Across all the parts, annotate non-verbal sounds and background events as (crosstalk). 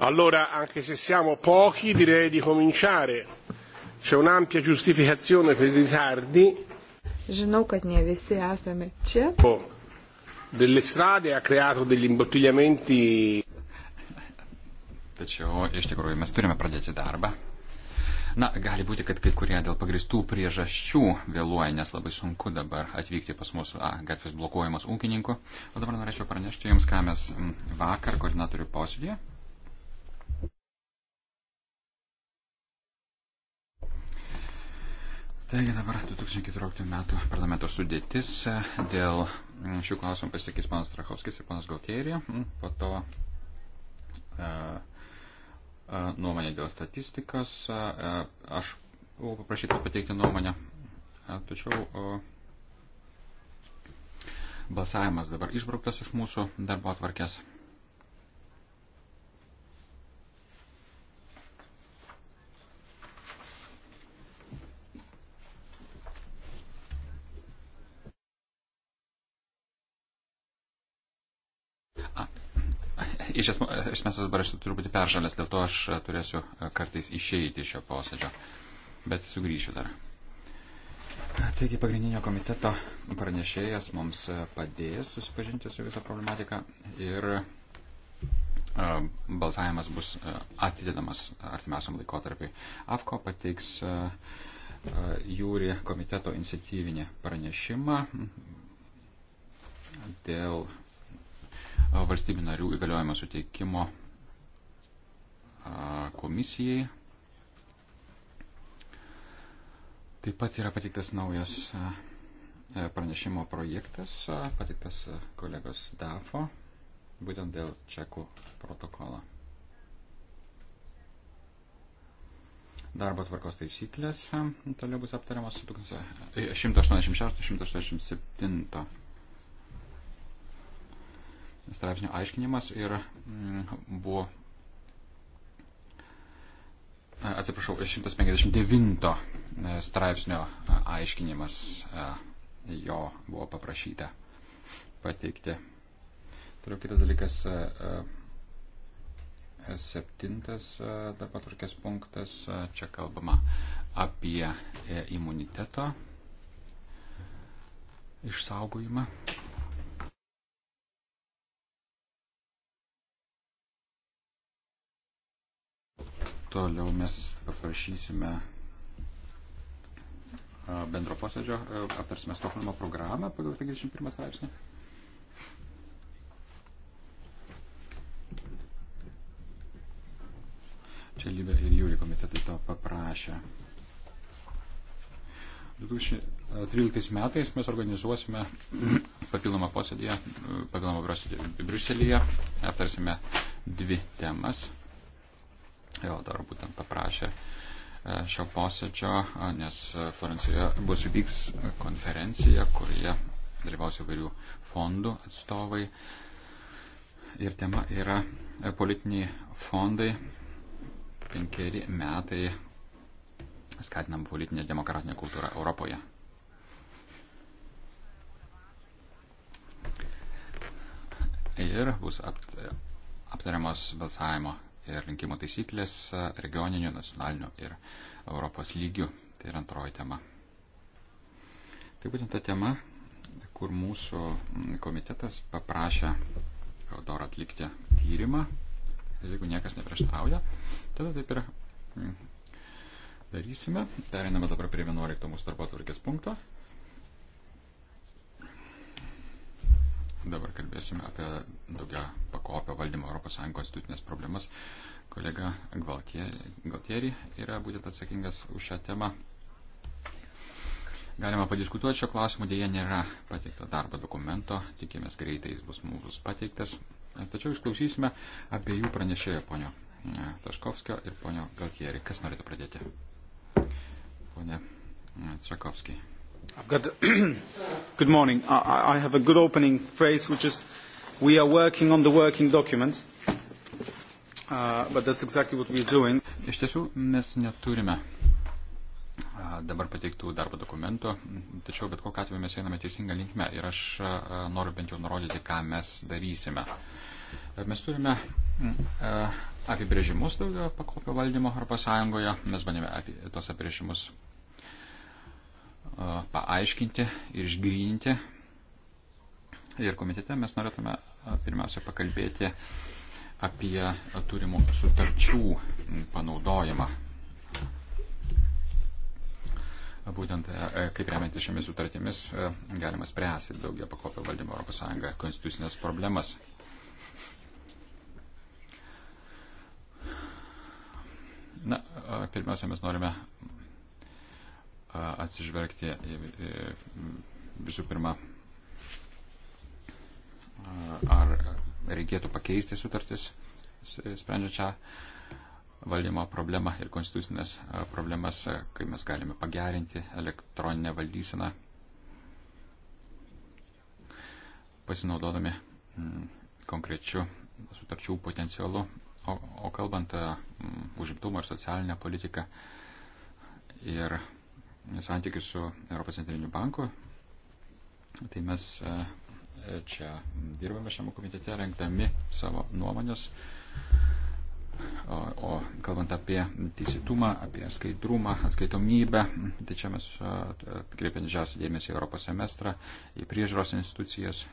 Allora, anche se siamo pochi, direi di cominciare. C'è un'ampia giustificazione per i ritardi. Žinau, kad ne visi esame čia. Delle strade ha creato degli imbottigliamenti. Tačiau iš tikrųjų mes turime pradėti darbą. Na, gali būti, kad kai kurie dėl pagristų priežasčių vėluoja, nes labai sunku dabar atvykti pas mus, a, gatvės blokuojamas ūkininkų. O dabar norėčiau pranešti Jums, ką mes vakar koordinatorių posėdėje Taigi dabar 2014 metų parlamento sudėtis e, dėl mm, šių klausimų pasisakys panas Trachovskis ir panas Galtierija. Mm, po to e, e, nuomonė dėl statistikos. Aš buvau paprašytas pateikti nuomonę, tačiau balsavimas dabar išbrauktas iš mūsų darbo atvarkės. iš esmės dabar aš truputį peržalęs, dėl to aš e, turėsiu e, kartais išeiti iš šio posėdžio, bet sugrįšiu dar. Taigi pagrindinio komiteto pranešėjas mums e, padės susipažinti su visą problematiką ir balsavimas bus atidedamas artimiausiam laikotarpiai. AFKO pateiks jūri komiteto iniciatyvinį pranešimą dėl valstybių narių įgaliojimo suteikimo komisijai. Taip pat yra patiktas naujas e, pranešimo projektas, patiktas kolegos DAFO, būtent dėl čekų protokolo. Darbo tvarkos taisyklės toliau bus aptariamas e, 186-187 straipsnio aiškinimas ir mm, buvo, atsiprašau, 159 e, straipsnio aiškinimas jo buvo paprašyta pateikti. Toliau kitas dalykas, septintas darbo tvarkės punktas, čia kalbama apie e, imuniteto išsaugojimą. Toliau mes paprašysime bendro posėdžio, aptarsime Stokholmo programą pagal 51 straipsnį. Čia Libė ir Jūri komitetai to paprašė. 2013 metais mes organizuosime (clears throat) papildomą posėdį, papildomą posėdį Briuselėje, aptarsime dvi temas jo dar būtent paprašė e, šio posėdžio, nes e, Florencijoje bus vyks konferencija, kurioje dalyvaus įvairių fondų atstovai. Ir tema yra e, politiniai fondai, penkeri metai skatinam politinę demokratinę kultūrą Europoje. Ir bus aptariamos balsavimo ir rinkimų taisyklės regioniniu, nacionaliniu ir Europos lygiu. Tai yra antroji tema. Tai būtent ta tema, kur mūsų komitetas paprašė Eudorą atlikti tyrimą. Jeigu niekas neprieštarauja, tada taip ir darysime. Pereiname dabar prie 11 mūsų darbo atvarkės punkto. Dabar kalbėsime apie daugia pakopio valdymą ES institucinės problemas. Kolega Galtieri yra būtent atsakingas už šią temą. Galima padiskutuoti šio klausimu, dėje nėra pateikta darbo dokumento, tikimės greitai jis bus mums pateiktas. Tačiau išklausysime abiejų pranešėjų, ponio e, Taškovskio ir ponio Galtieri. Kas norite pradėti? Pone Tsakovskiai. E, I've got the (clears throat) good morning. I, I have a good opening phrase, which is, we are working on the working document. Uh, but that's exactly what we're doing. Iš tiesų, mes neturime uh, dabar pateiktų darbo dokumentų, tačiau bet kokiu atveju mes einame teisinga linkme ir aš uh, noriu bent jau nurodyti, ką mes darysime. Uh, mes turime mm, apibrėžimus daugiau pakopio valdymo Europos Sąjungoje, mes bandėme tos apibrėžimus paaiškinti ir išgrįninti. Ir komitete mes norėtume pirmiausia pakalbėti apie turimų sutarčių panaudojimą. Būtent kaip remiantis šiomis sutartimis galima spręsti daugia pakopio valdymo ES konstitucinės problemas. Na, pirmiausia, mes norime atsižvelgti visų pirma, ar reikėtų pakeisti sutartis, sprendžiant šią valdymo problemą ir konstitucinės problemas, kaip mes galime pagerinti elektroninę valdyseną, pasinaudodami konkrečiu sutarčių potencialu. O, o kalbant užimtumą ir socialinę politiką ir santykius su Europos centriniu banku. Tai mes e, čia dirbame šiame komitete, renkdami savo nuomonės. O, o kalbant apie teisėtumą, apie skaidrumą, atskaitomybę, tai čia mes e, kreipiam didžiausią dėmesį į Europos semestrą, į priežiūros institucijas.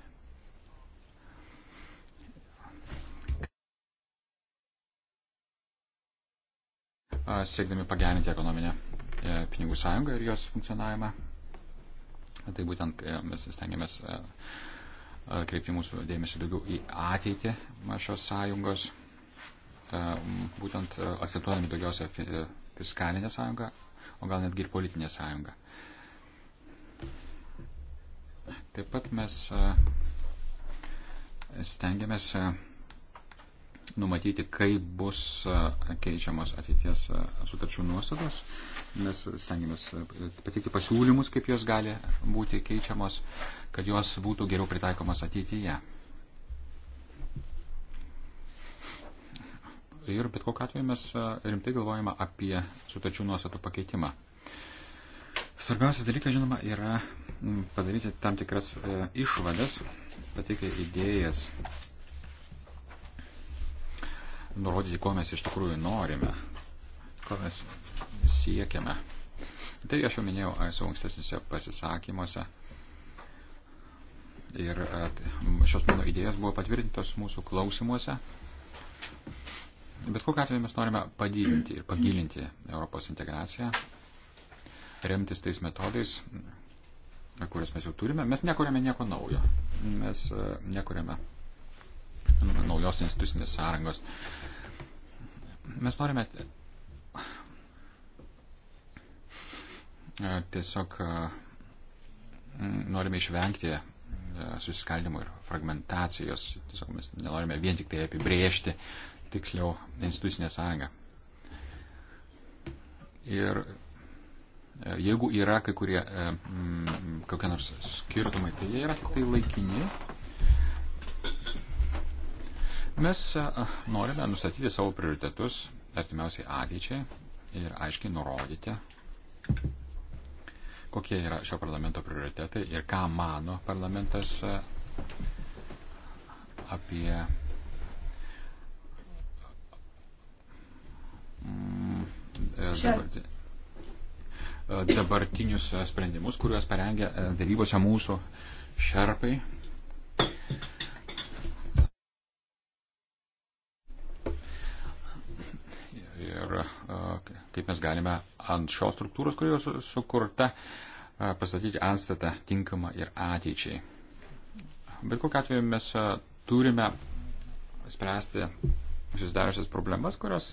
siekdami pagerinti ekonominę E, pinigų sąjungą ir jos funkcionavimą. Tai būtent e, mes stengiamės e, kreipti mūsų dėmesį daugiau į ateitį šios sąjungos, būtent akcentuojami daugiausia fiskalinę sąjungą, o gal netgi ir politinę sąjungą. Taip pat mes stengiamės numatyti, kaip bus keičiamos ateities sutarčių nuostatos. Mes stengiamės pateikti pasiūlymus, kaip jos gali būti keičiamos, kad jos būtų geriau pritaikomos ateityje. Ir bet kokiu atveju mes rimtai galvojame apie sutarčių nuostatų pakeitimą. Svarbiausias dalykas, žinoma, yra padaryti tam tikras e, išvadas, pateikti idėjas nurodyti, ko mes iš tikrųjų norime, ko mes siekiame. Tai aš jau minėjau savo ankstesniuose pasisakymuose. Ir e, šios mano idėjas buvo patvirtintos mūsų klausimuose. Bet kokiu atveju mes norime padidinti ir pagilinti Europos integraciją, remtis tais metodais, kuriuos mes jau turime. Mes nekuriame nieko naujo. Mes e, nekuriame naujos institucinės sąrangos. Mes norime tiesiog norime išvengti susiskaldimo ir fragmentacijos. Tiesiog mes nenorime vien tik tai apibriežti tiksliau institucinę sąrangą. Ir jeigu yra kai kurie kokie nors skirtumai, tai jie yra tik tai laikini. Mes e, norime nustatyti savo prioritetus artimiausiai ateičiai ir aiškiai nurodyti, kokie yra šio parlamento prioritetai ir ką mano parlamentas e, apie mm, e, dabartinius sprendimus, kuriuos parengė darybose mūsų šerpai. ir kaip mes galime ant šios struktūros, kuri jau sukurta, pastatyti atstatą tinkamą ir ateičiai. Bet kokiu atveju mes turime spręsti susidariusias problemas, kurios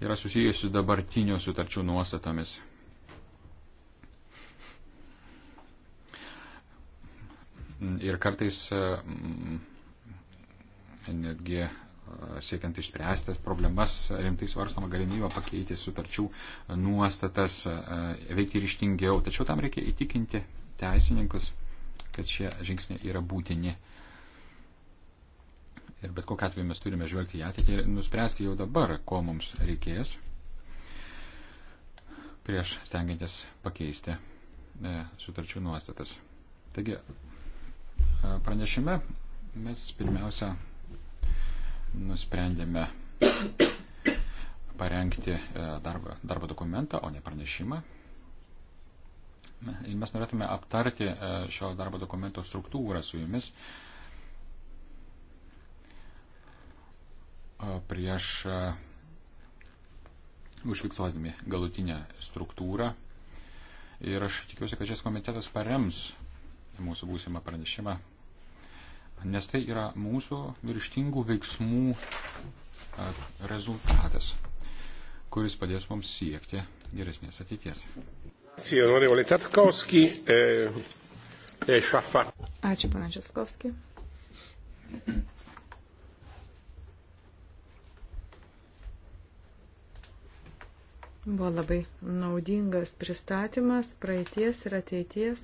yra susijusios su dabartinio sutarčių nuostatomis. Ir kartais netgi siekiant išspręsti problemas, rimtai svarstama galimybė pakeisti sutarčių nuostatas, e, veikti ryštingiau. Tačiau tam reikia įtikinti teisininkus, kad šie žingsniai yra būtini. Ir bet kokiu atveju mes turime žvelgti į ateitį ir nuspręsti jau dabar, ko mums reikės, prieš stengiantis pakeisti e, sutarčių nuostatas. Taigi, e, pranešime mes pirmiausia nusprendėme parengti e, darbo, darbo dokumentą, o ne pranešimą. Ir e, mes norėtume aptarti e, šio darbo dokumento struktūrą su jumis prieš užfiksuodami galutinę struktūrą. Ir aš tikiuosi, kad šis komitetas parems mūsų būsimą pranešimą nes tai yra mūsų ryštingų veiksmų rezultatas, kuris padės mums siekti geresnės ateities. Eh, Ačiū, pana Českovski. Buvo labai naudingas pristatymas praeities ir ateities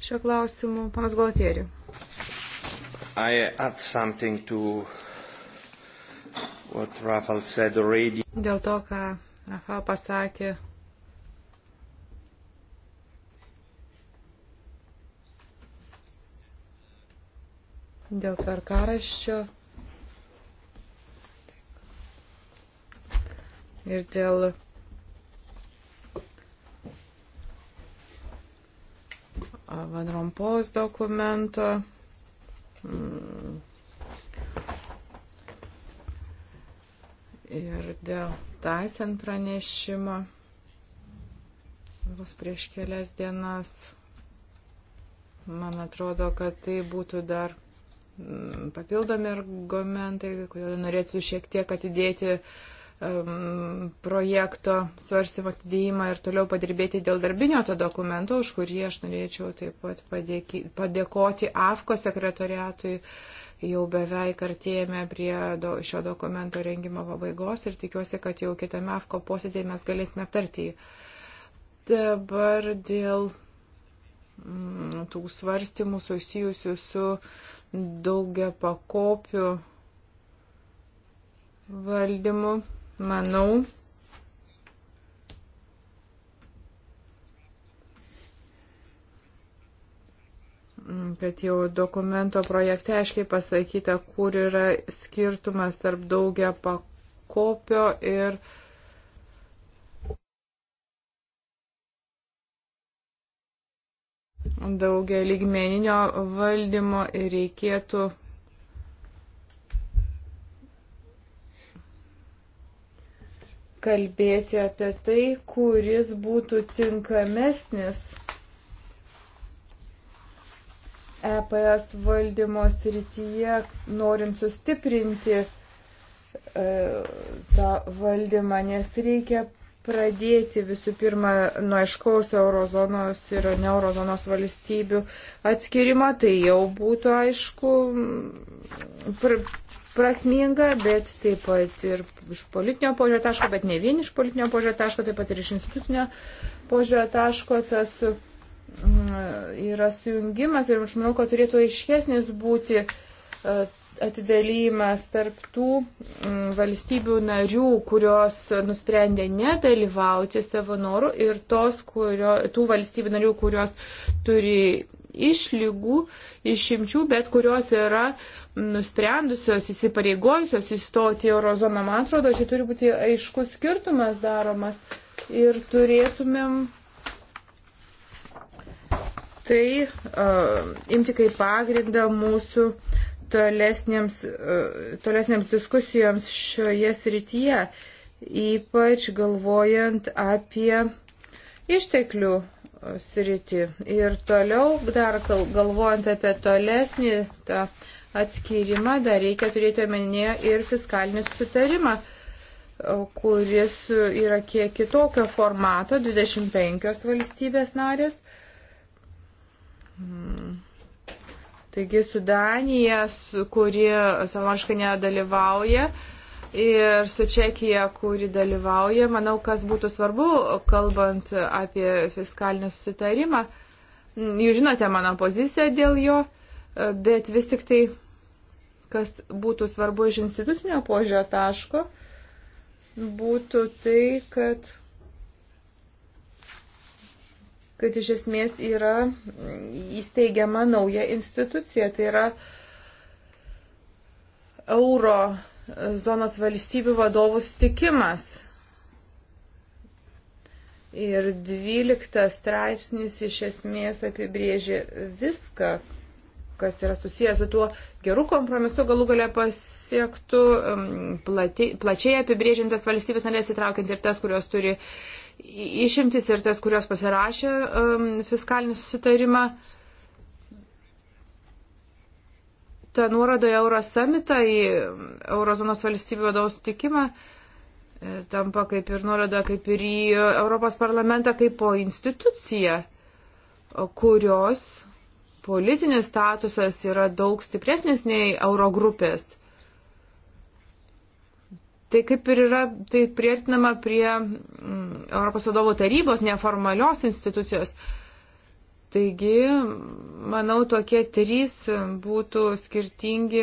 šio klausimu. Panas Galtieriu. I add something to what Rafael said already. Dėl to, ką Rafael pasakė. Dėl tvarkaraščio. Ir dėl Van Rompos dokumento. ir dėl Taisen pranešimo bus prieš kelias dienas. Man atrodo, kad tai būtų dar mm, papildomi argumentai, kodėl norėtų šiek tiek atidėti uh, um, projekto svarstymo atidėjimą ir toliau padirbėti dėl darbinio to dokumento, už kurį aš norėčiau taip pat padėki, padėkoti AFKO sekretoriatui. Jau beveik artėjame prie do, šio dokumento rengimo pabaigos ir tikiuosi, kad jau kitame AFKO posėdėje mes galėsime aptarti jį. Dabar dėl mm, tų svarstymų susijusių su daugia pakopiu valdymu manau, kad jau dokumento projekte aiškiai pasakyta, kur yra skirtumas tarp daugia pakopio ir daugia lygmeninio valdymo ir reikėtų kalbėti apie tai, kuris būtų tinkamesnis EPS valdymo srityje, norint sustiprinti e, tą valdymą, nes reikia pradėti visų pirma nuo aiškaus eurozonos ir neurozonos valstybių atskirimo, tai jau būtų aišku pr prasminga, bet taip pat ir iš politinio požiūrio taško, bet ne vien iš politinio požiūrio taško, taip pat ir iš institucinio požiūrio taško tas yra sujungimas ir aš manau, kad turėtų aiškesnis būti e, atidėlymas tarp tų mm, valstybių narių, kurios nusprendė nedalyvauti savo norų ir tos, kurio, tų valstybių narių, kurios turi išlygų, išimčių, bet kurios yra nusprendusios, įsipareigojusios įstoti į eurozoną. Man atrodo, čia turi būti aiškus skirtumas daromas ir turėtumėm tai uh, imti kaip pagrindą mūsų uh, tolesnėms, e, tolesnėms diskusijoms šioje srityje, ypač galvojant apie išteklių sritį. Ir toliau, dar galvojant apie tolesnį tą atskirimą, dar reikia turėti omenyje ir fiskalinį sutarimą, e, kuris yra kiek kitokio formato, 25 valstybės narės. Hmm Taigi su Danija, kuri savanoriškai nedalyvauja, ir su Čekija, kuri dalyvauja, manau, kas būtų svarbu, kalbant apie fiskalinį susitarimą. Jūs žinote mano poziciją dėl jo, bet vis tik tai, kas būtų svarbu iš institucinio požio taško, būtų tai, kad kad iš esmės yra įsteigiama nauja institucija, tai yra euro zonos valstybių vadovų stikimas. Ir 12 straipsnis iš esmės apibrėžė viską, kas yra susijęs su tuo gerų kompromisu galų galę pasiektų um, plati, plačiai apibrėžintas valstybės narės įtraukiant ir tas, kurios turi uh, išimtis ir tas, kurios pasirašė um, fiskalinį susitarimą. Ta nuoroda į Eurosamitą, į um, Eurozonos valstybių vadovų sutikimą e, tampa kaip ir nuoroda, kaip ir į Europos parlamentą, kaip po instituciją, kurios politinis statusas yra daug stipresnis nei Eurogrupės. Tai kaip ir yra, tai priartinama prie mm, Europos vadovų tarybos neformalios institucijos. Taigi, manau, tokie trys būtų skirtingi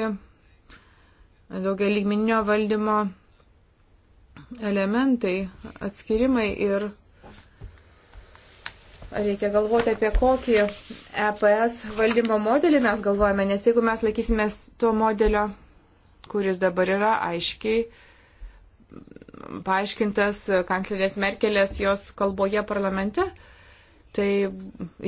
daugia lygminio valdymo elementai, atskirimai ir reikia galvoti apie kokį EPS valdymo modelį mes galvojame, nes jeigu mes laikysimės to modelio, kuris dabar yra aiškiai, paaiškintas kanclerės Merkelės jos kalboje parlamente. Tai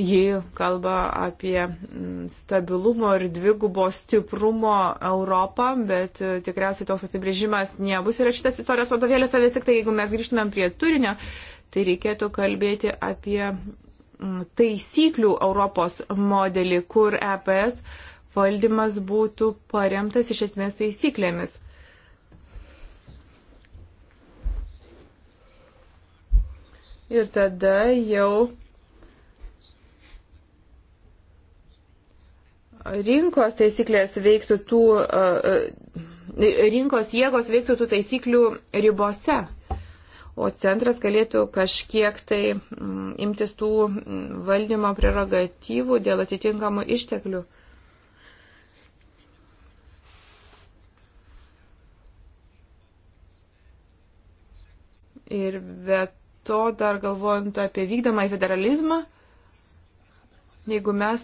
ji kalba apie mm, stabilumo ir dvigubo stiprumo Europą, bet e, tikriausiai toks apibrėžimas nebus įrašytas istorijos vadovėlėse, vis tik tai jeigu mes grįžtumėm prie turinio, tai reikėtų kalbėti apie mm, taisyklių Europos modelį, kur EPS valdymas būtų paremtas iš esmės taisyklėmis. ir tada jau rinkos taisyklės veiktų tų, e, e, rinkos jėgos veiktų tų taisyklių ribose. O centras galėtų kažkiek tai mm, imtis tų mm, valdymo prerogatyvų dėl atitinkamų išteklių. Ir be to dar galvojant apie vykdomą federalizmą, jeigu mes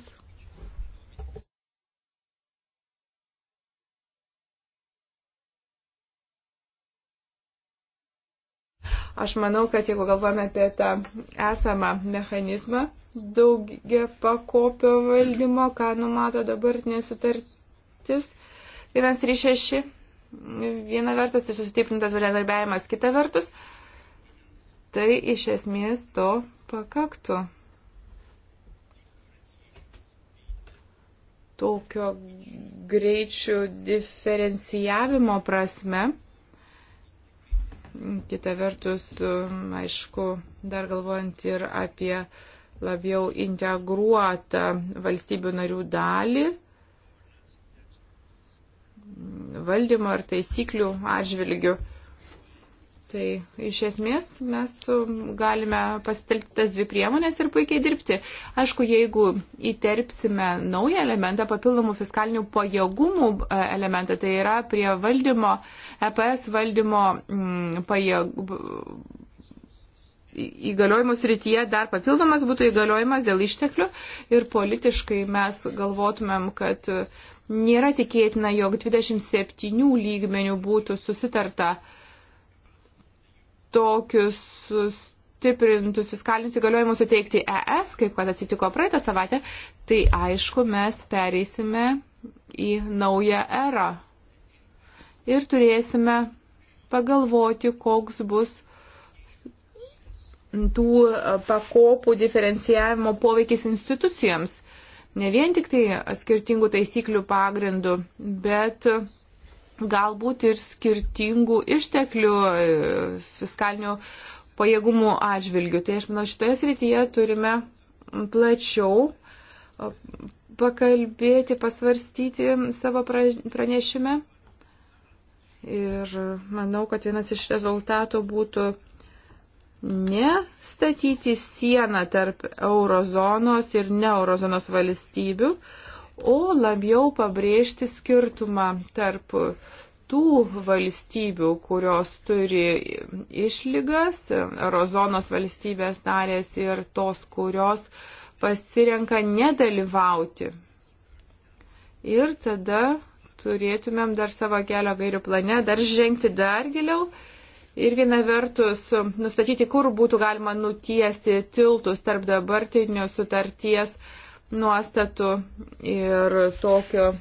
Aš manau, kad jeigu galvojame apie tą esamą mechanizmą daugia pakopio valdymo, ką numato dabartinė sutartis 136, viena vertus tai sustiprintas bendradarbiavimas, kita vertus tai iš esmės to pakaktų. Tokio greičių diferencijavimo prasme. Kita vertus, aišku, dar galvojant ir apie labiau integruotą valstybių narių dalį valdymo ir taisyklių atžvilgių. Tai iš esmės mes um, galime pasitelkti tas dvi priemonės ir puikiai dirbti. Aišku, jeigu įterpsime naują elementą, papildomų fiskalinių pajėgumų e, elementą, tai yra prie valdymo, EPS valdymo m, mm, pajėg, įgaliojimus rytyje dar papildomas būtų įgaliojimas dėl išteklių ir politiškai mes galvotumėm, kad nėra tikėtina, jog 27 lygmenių būtų susitarta tokius sustiprintus įskalinius įgaliojimus suteikti ES, kaip kad atsitiko praeitą savaitę, tai aišku, mes pereisime į naują erą. Ir turėsime pagalvoti, koks bus tų pakopų diferencijavimo poveikis institucijoms. Ne vien tik tai skirtingų taisyklių pagrindų, bet galbūt ir skirtingų išteklių e, fiskalinių pajėgumų atžvilgių. Tai aš manau, šitoje srityje turime plačiau e, pakalbėti, pasvarstyti savo pranešime. Ir manau, kad vienas iš rezultatų būtų ne statyti sieną tarp eurozonos ir ne eurozonos valstybių, o labiau pabrėžti skirtumą tarp tų valstybių, kurios turi išlygas, eurozonos valstybės narės ir tos, kurios pasirenka nedalyvauti. Ir tada turėtumėm dar savo kelio gairių plane, dar žengti dar giliau. Ir viena vertus nustatyti, kur būtų galima nutiesti tiltus tarp dabartinių sutarties uh, nuostatų ir tokio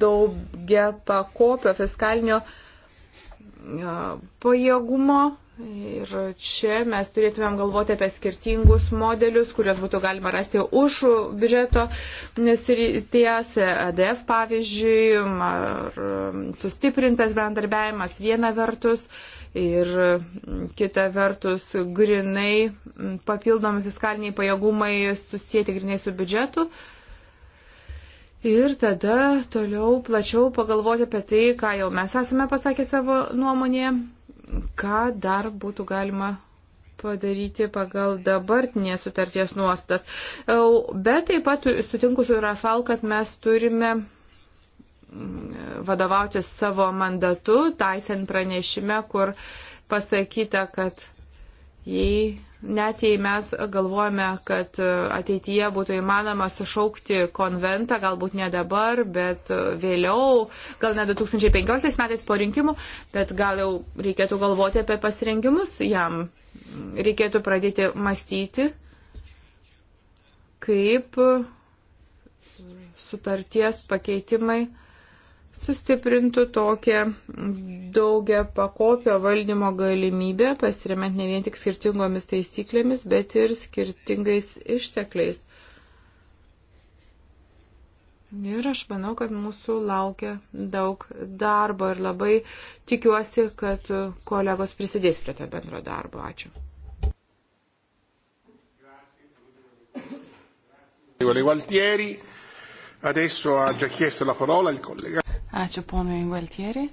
daugia pakopio fiskalinio pajėgumo. Ir čia mes turėtumėm galvoti apie skirtingus modelius, kuriuos būtų galima rasti už biudžeto srities, ADF e pavyzdžiui, ar sustiprintas bendarbiavimas viena vertus ir kita vertus grinai papildomi fiskaliniai pajėgumai susijęti grinai su biudžetu. Ir tada toliau plačiau pagalvoti apie tai, ką jau mes esame pasakę savo nuomonėje, ką dar būtų galima padaryti pagal dabartinės sutarties nuostas. Bet taip pat sutinku su Rafal, kad mes turime vadovautis savo mandatu, taisen pranešime, kur pasakyta, kad jei net jei mes galvojame, kad e, ateityje būtų įmanoma sušaukti konventą, galbūt ne dabar, bet e, vėliau, gal ne 2015 metais po rinkimų, bet gal jau reikėtų galvoti apie pasirengimus jam. Reikėtų pradėti mąstyti, kaip sutarties pakeitimai sustiprintų tokią daugia pakopio valdymo galimybę, pasiriamant ne vien tik skirtingomis taisyklėmis, bet ir skirtingais ištekliais. Ir aš manau, kad mūsų laukia daug darbo ir labai tikiuosi, kad kolegos prisidės prie to bendro darbo. Ačiū. Grazie. Grazie. Adesso ha già chiesto la parola il collega. Ačiū ponui Gualtieri.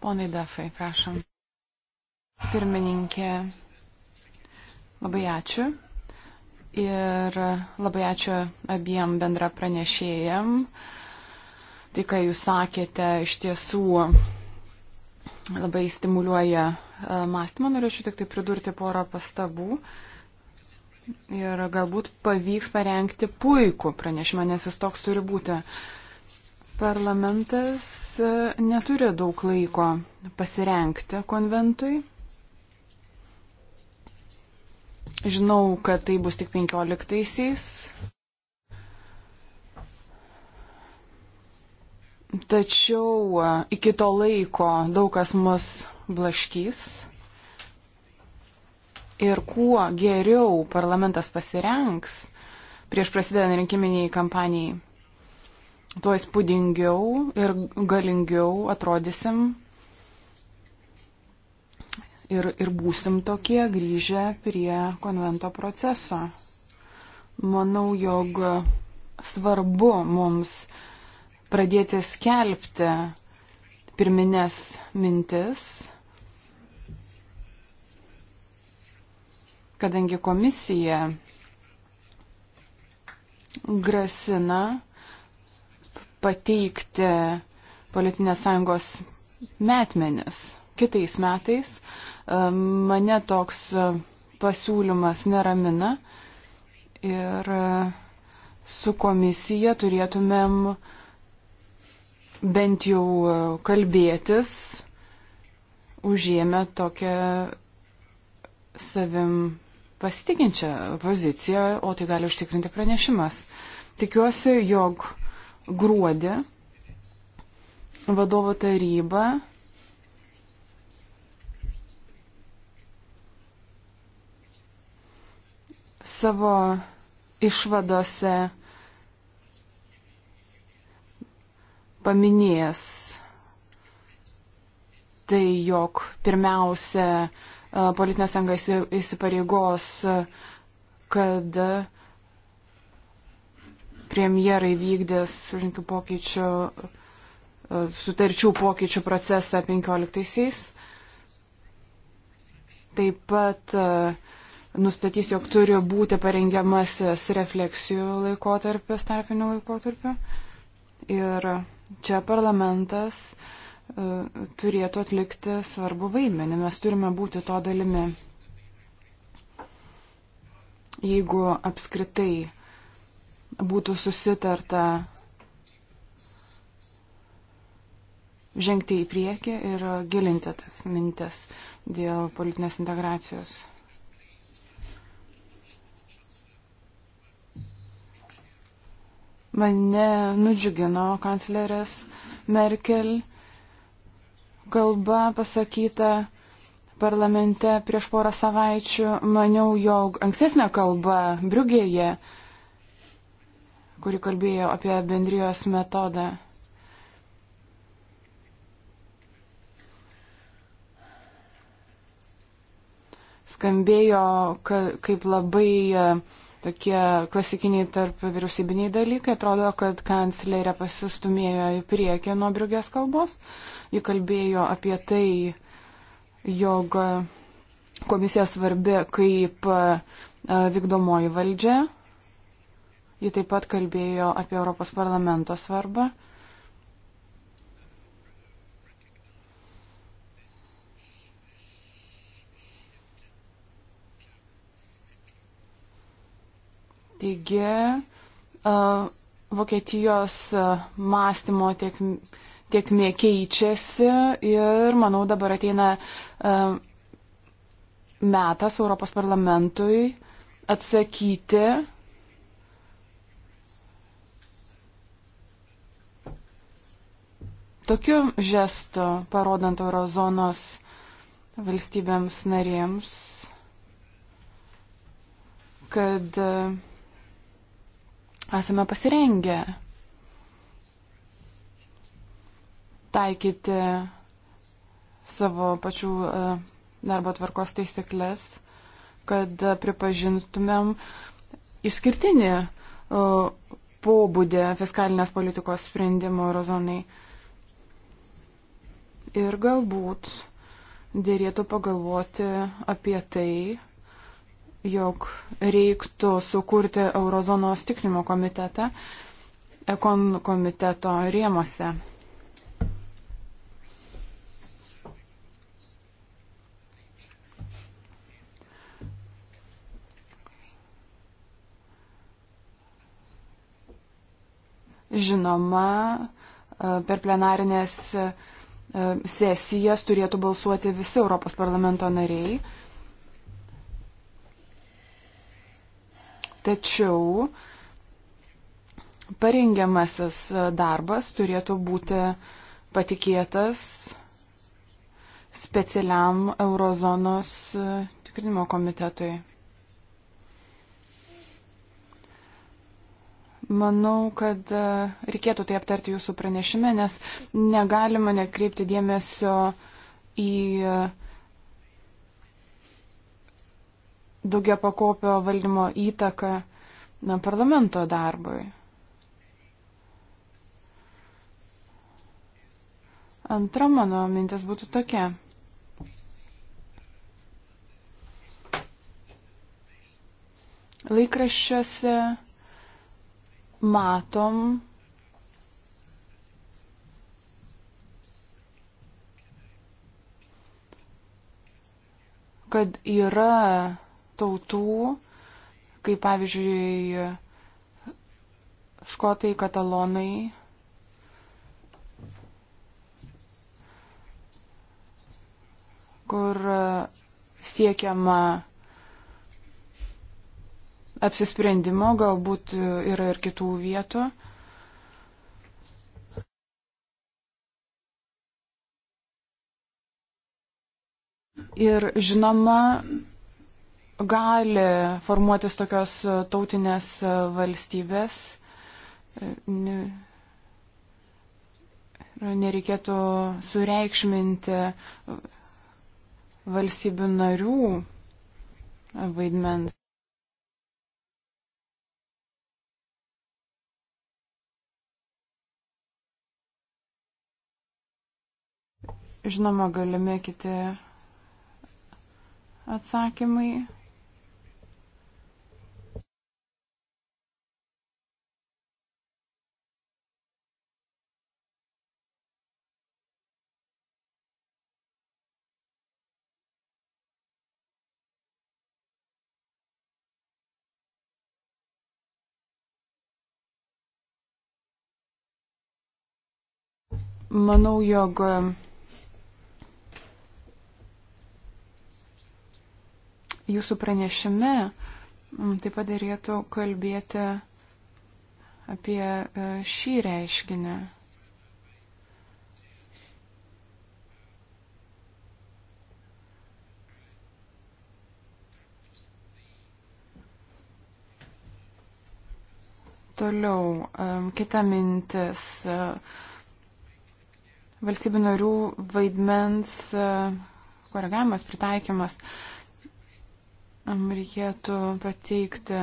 Ponai Dafai, prašom. Pirmininkė, labai ačiū. Ir labai ačiū abiem bendra pranešėjam. Tai, ką jūs sakėte, iš tiesų labai stimuliuoja e, mąstymą. Norėčiau tik tai pridurti porą pastabų. Uh, ir galbūt pavyks parengti puikų pranešimą, nes jis toks turi būti. Parlamentas e, neturi daug laiko pasirenkti konventui. Žinau, kad tai bus tik 15-aisiais. Tačiau e, iki to laiko daug kas mus blaškys ir kuo geriau parlamentas pasirenks prieš prasidedant rinkiminiai kampanijai, tuo įspūdingiau ir galingiau atrodysim ir, ir būsim tokie grįžę prie konvento proceso. Manau, jog svarbu mums pradėti skelbti pirminės mintis kadangi komisija grasina pateikti politinės sąjungos metmenis. Kitais metais mane toks pasiūlymas neramina ir e, su komisija turėtumėm bent jau kalbėtis, užėmę tokią savim pasitikinčią poziciją, o tai gali užtikrinti pranešimas. Tikiuosi, jog gruodį vadovo taryba savo išvadose paminės tai, jog pirmiausia politinė sąjunga įsipareigos, kad premjerai vykdės rinkų pokyčių, sutarčių pokyčių procesą 15-aisiais. Taip pat nustatys, jog turi būti parengiamasis refleksijų laikotarpis, tarpinių laikotarpių. Ir čia parlamentas uh, E, turėtų atlikti svarbu vaidmenį. Mes turime būti to dalimi. Jeigu apskritai būtų susitarta žengti į priekį ir gilinti tas mintis dėl politinės integracijos. Mane nudžiugino kanclerės Merkel kalba pasakyta parlamente prieš porą savaičių, maniau, jog ankstesnė kalba Briugėje, kuri kalbėjo apie bendrijos metodą. Skambėjo kaip labai e, tokie klasikiniai tarp vyriausybiniai dalykai. Atrodo, kad kanclerė pasistumėjo į priekį nuo Briugės kalbos. Uh, Ji kalbėjo apie tai, jog komisija svarbi kaip e, vykdomoji valdžia. Ji taip pat kalbėjo apie Europos parlamento svarbą. Taigi, e, Vokietijos e, mąstymo tiek tiekmė keičiasi ir, manau, dabar ateina e, metas Europos parlamentui atsakyti tokiu žestu, parodant eurozonos valstybėms narėms, kad e, esame pasirengę taikyti savo pačių e, darbo tvarkos taisyklės, kad pripažintumėm išskirtinį e, pobūdį fiskalinės politikos sprendimų eurozonai. Ir galbūt dėrėtų pagalvoti apie tai, jog reiktų sukurti Eurozonos tikrinimo komitetą ekon komiteto rėmose. Žinoma, e, per plenarinės e, sesijas turėtų balsuoti visi Europos parlamento nariai. Tačiau parengiamasis darbas turėtų būti patikėtas specialiam eurozonos e, tikrinimo komitetui. Manau, kad e, reikėtų tai aptarti jūsų pranešime, nes negalima nekreipti dėmesio į e, daugia pakopio valdymo įtaką na, parlamento darbui. Antra mano mintis būtų tokia. Laikraščiuose matom, kad yra tautų, kaip pavyzdžiui, škotai, katalonai, kur siekiama apsisprendimo, galbūt yra ir kitų vietų. Ir žinoma, gali formuotis tokios tautinės valstybės. Nereikėtų sureikšminti valstybių narių vaidmens. Žinoma, galimi kiti atsakymai. Manau, jog jūsų pranešime mm, taip pat reikėtų kalbėti apie e, šį reiškinį. Toliau, e, kita mintis. E, valstybių narių vaidmens koregavimas, pritaikymas. Uh, reikėtų pateikti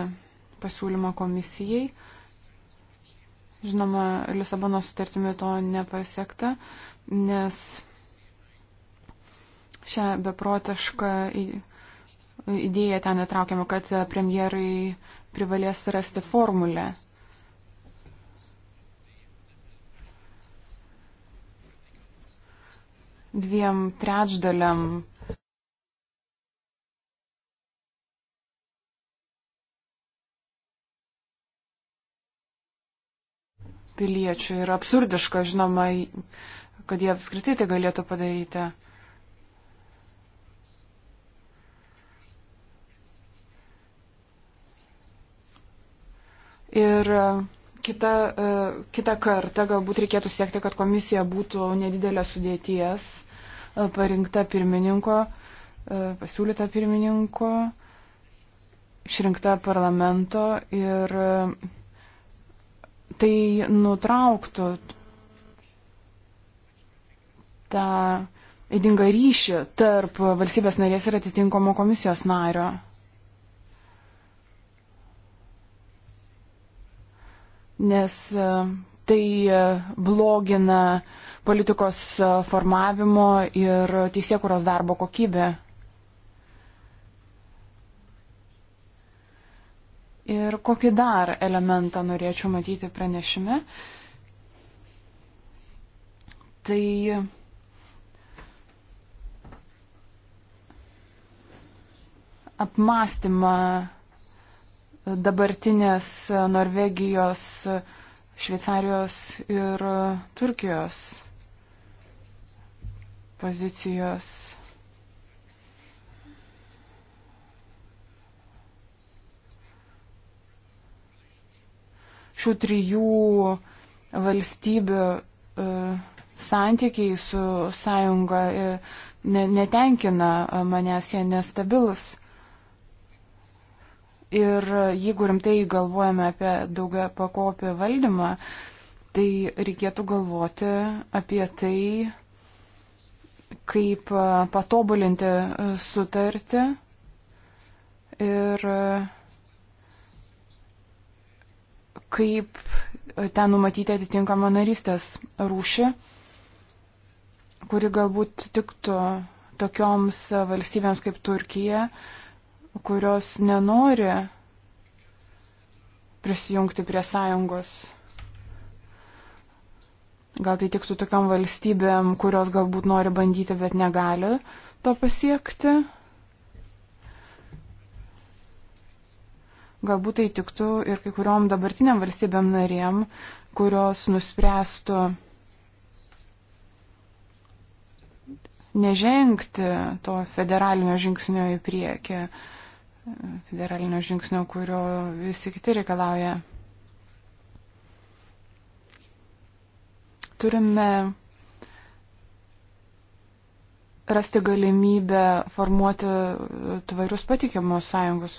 pasiūlymą komisijai. Žinoma, Lisabono sutartimi to nepasiekta, nes šią beprotišką idėją ten įtraukiama, kad premjerai privalės rasti formulę. Dviem trečdaliam piliečių. Yra absurdiška, žinoma, kad jie apskritai tai galėtų padaryti. Ir e, kita, e, kita kartą galbūt reikėtų siekti, kad komisija būtų nedidelė sudėties, e, parinkta pirmininko, pasiūlyta pirmininko, išrinkta parlamento ir tai nutrauktų tą įdingą ryšį tarp valstybės narės ir atitinkamo komisijos nario. Nes e, tai blogina politikos e, formavimo ir teisėkuros darbo kokybę. Ir kokį dar elementą norėčiau matyti pranešime. Tai apmąstymą dabartinės Norvegijos, Šveicarijos ir Turkijos pozicijos šių trijų valstybių e, santykiai su sąjunga e, netenkina e, manęs, jie nestabilus. Ir jeigu rimtai galvojame apie daugą pakopį valdymą, tai reikėtų galvoti apie tai, kaip patobulinti sutartį ir uh, kaip e, ten numatyti atitinkamą narystės rūšį, kuri galbūt tiktų tokioms valstybėms kaip Turkija, kurios nenori prisijungti prie sąjungos. Gal tai tiktų tokiam valstybėm, kurios galbūt nori bandyti, bet negali to pasiekti. Galbūt tai tiktų ir kai kuriuom dabartiniam valstybėm narėm, kurios nuspręstų nežengti to federalinio žingsnio į priekį, federalinio žingsnio, kurio visi kiti reikalauja. Turime rasti galimybę formuoti tvarius patikimus sąjungus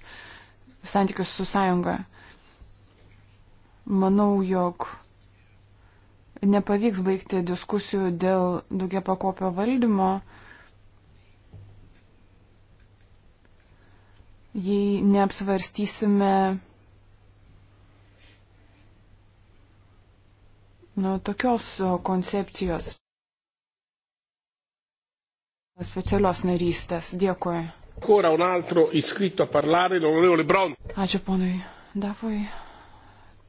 santykius su sąjunga. Manau, jog nepavyks baigti diskusijų dėl daugia pakopio valdymo, jei neapsvarstysime nu, tokios koncepcijos specialios narystės. Dėkui. Ačiū ponui Dafui.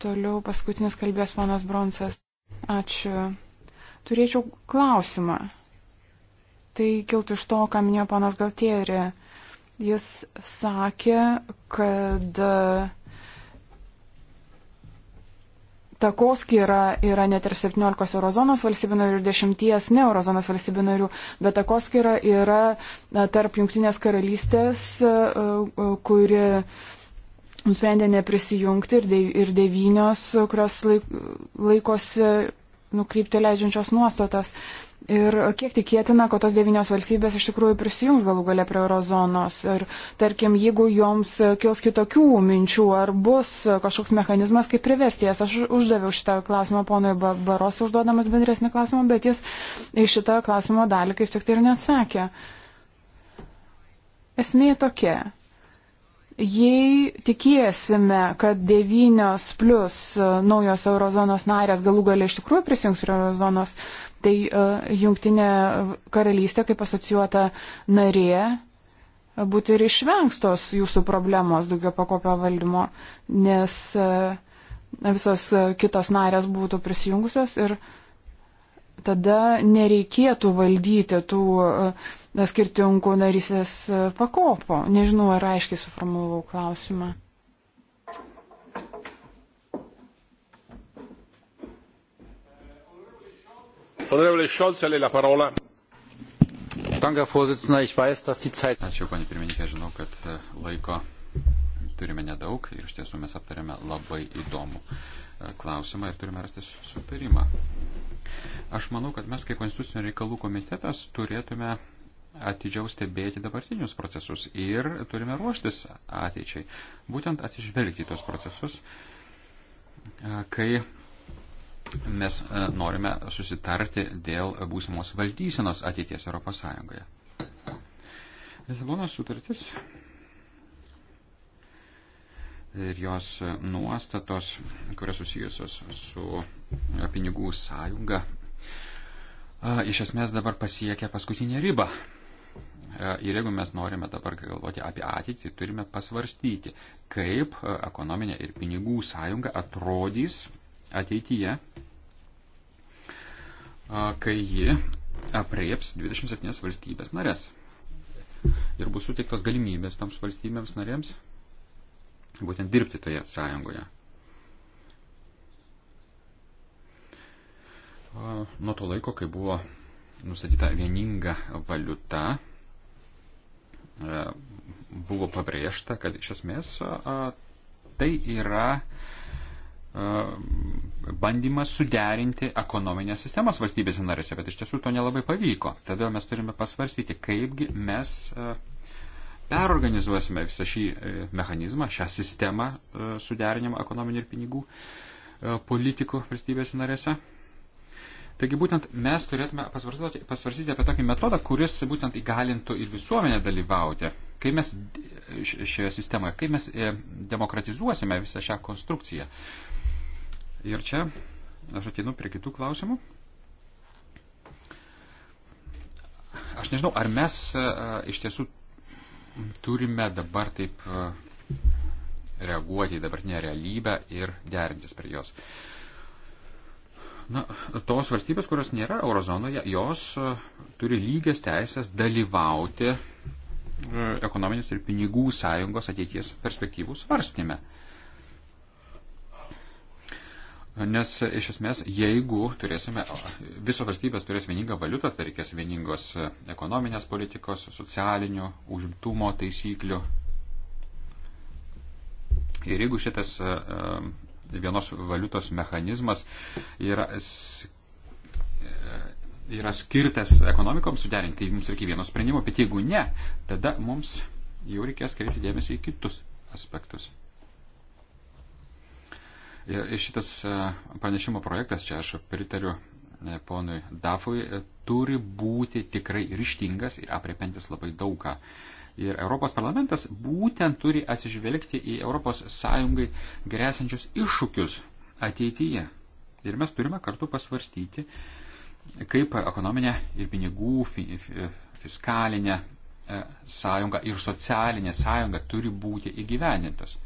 Toliau paskutinis kalbės ponas Bronsas. Ačiū. Turėčiau klausimą. Tai kiltų iš to, ką minėjo ponas Galtierė. Jis sakė, kad uh, takoskyra yra net ir 17 eurozonos valstybių narių ir 10 ne eurozonos valstybių narių, bet takoskyra yra tarp Junktinės karalystės, e, e, kuri nusprendė neprisijungti ir devynios, kurios laikosi nukrypti leidžiančios nuostatos. Ir kiek tikėtina, kad tos devynios valstybės iš tikrųjų prisijungs galų galę prie eurozonos. Ir tarkim, jeigu joms kils kitokių minčių, ar bus kažkoks mechanizmas, kaip priversti jas. Aš uždaviau šitą klausimą ponui Baros užduodamas bendresnį klausimą, bet jis į šitą klausimo dalį kaip tik tai ir neatsakė. Esmė tokia. Jei tikėsime, kad devynios plus naujos eurozonos narės galų galę iš tikrųjų prisijungs prie eurozonos, uh, Tai e, jungtinė karalystė kaip asocijuota narė būtų ir išvengstos jūsų problemos daugia pakopio valdymo, nes e, visos kitos narės būtų prisijungusios ir tada nereikėtų valdyti tų e, skirtingų narysės pakopų. Nežinau, ar aiškiai suformulavau klausimą. Honorable Scholz, lei la parola. Danke, Herr Vorsitzender. Ich weiß, dass die Zeit. Ačiū, ponė pirmininkė, žinau, kad e, laiko turime nedaug ir iš tiesų mes aptarėme labai įdomų e, klausimą ir turime rasti sutarimą. Aš manau, kad mes kaip Konstitucinio reikalų komitetas turėtume atidžiau stebėti dabartinius procesus ir turime ruoštis ateičiai. Būtent atsižvelgti į tos procesus, e, kai mes e, norime susitarti dėl būsimos valdysenos ateities ES. Lisabonos sutartis ir jos nuostatos, kurios susijusios su e, pinigų sąjunga, e, iš esmės dabar pasiekia paskutinę ribą. Ir jeigu mes norime dabar galvoti apie ateitį, turime pasvarstyti, kaip ekonominė ir pinigų sąjunga atrodys ateityje, kai ji aprieps 27 valstybės narės. Ir bus suteiktos galimybės tams valstybėms narėms būtent dirbti toje sąjungoje. Nuo to laiko, kai buvo nustatyta vieninga valiuta, buvo pabrėžta, kad iš esmės tai yra E, bandymas suderinti ekonominės sistemas valstybėse narėse, bet iš tiesų to nelabai pavyko. Todėl mes turime pasvarstyti, kaipgi mes e, perorganizuosime visą šį e, mechanizmą, šią sistemą suderinimą ekonominių ir pinigų politikų valstybėse narėse. Taigi būtent mes turėtume pasvarsyti apie tokį metodą, kuris būtent įgalintų ir visuomenę dalyvauti. Kai mes šioje sistemoje, kai mes demokratizuosime visą šią konstrukciją, Ir čia aš atinu prie kitų klausimų. Aš nežinau, ar mes e, iš tiesų turime dabar taip e, reaguoti į dabartinę realybę ir derintis prie jos. Na, tos valstybės, kurios nėra eurozonoje, jos e, turi lygias teisės dalyvauti ekonominės ir pinigų sąjungos ateities perspektyvų svarstymę. Nes iš esmės, jeigu turėsime, visos valstybės turės vieningą valiutą, tai reikės vieningos ekonominės politikos, socialinio, užimtumo taisyklių. Ir jeigu šitas e, vienos valiutos mechanizmas yra, e, yra skirtas ekonomikoms suderinti, tai mums reikia vieno sprendimo, bet jeigu ne, tada mums jau reikės kreipti dėmesį į kitus aspektus. Ir e, šitas e, pranešimo projektas, čia aš pritariu e, ponui Dafui, turi būti tikrai ryštingas ir apriepiantis labai daugą. Ir Europos parlamentas būtent turi atsižvelgti į ES grėsinčius iššūkius ateityje. Ir mes turime kartu pasvarstyti, kaip ekonominė ir pinigų, fiskalinė sąjunga ir socialinė sąjunga turi būti įgyvenintas.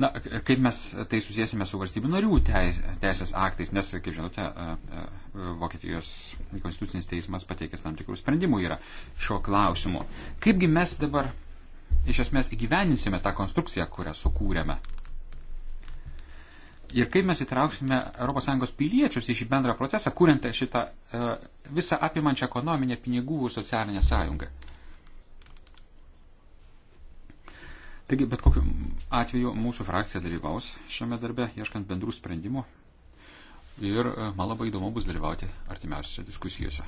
Na, kaip mes tai susijęsime su valstybių narių teisės aktais, nes, kaip žinote, Vokietijos konstitucinis teismas pateikęs tam tikrų sprendimų yra šio klausimu. Kaipgi mes dabar iš esmės įgyveninsime tą konstrukciją, kurią sukūrėme? Ir kaip mes įtrauksime ES piliečius į šį bendrą procesą, kuriant šitą visą apimančią ekonominę pinigų socialinę sąjungą? Taigi, bet kokiu atveju mūsų frakcija dalyvaus šiame darbe, ieškant bendrų sprendimų. Ir e, man labai įdomu bus dalyvauti artimiausiose diskusijose.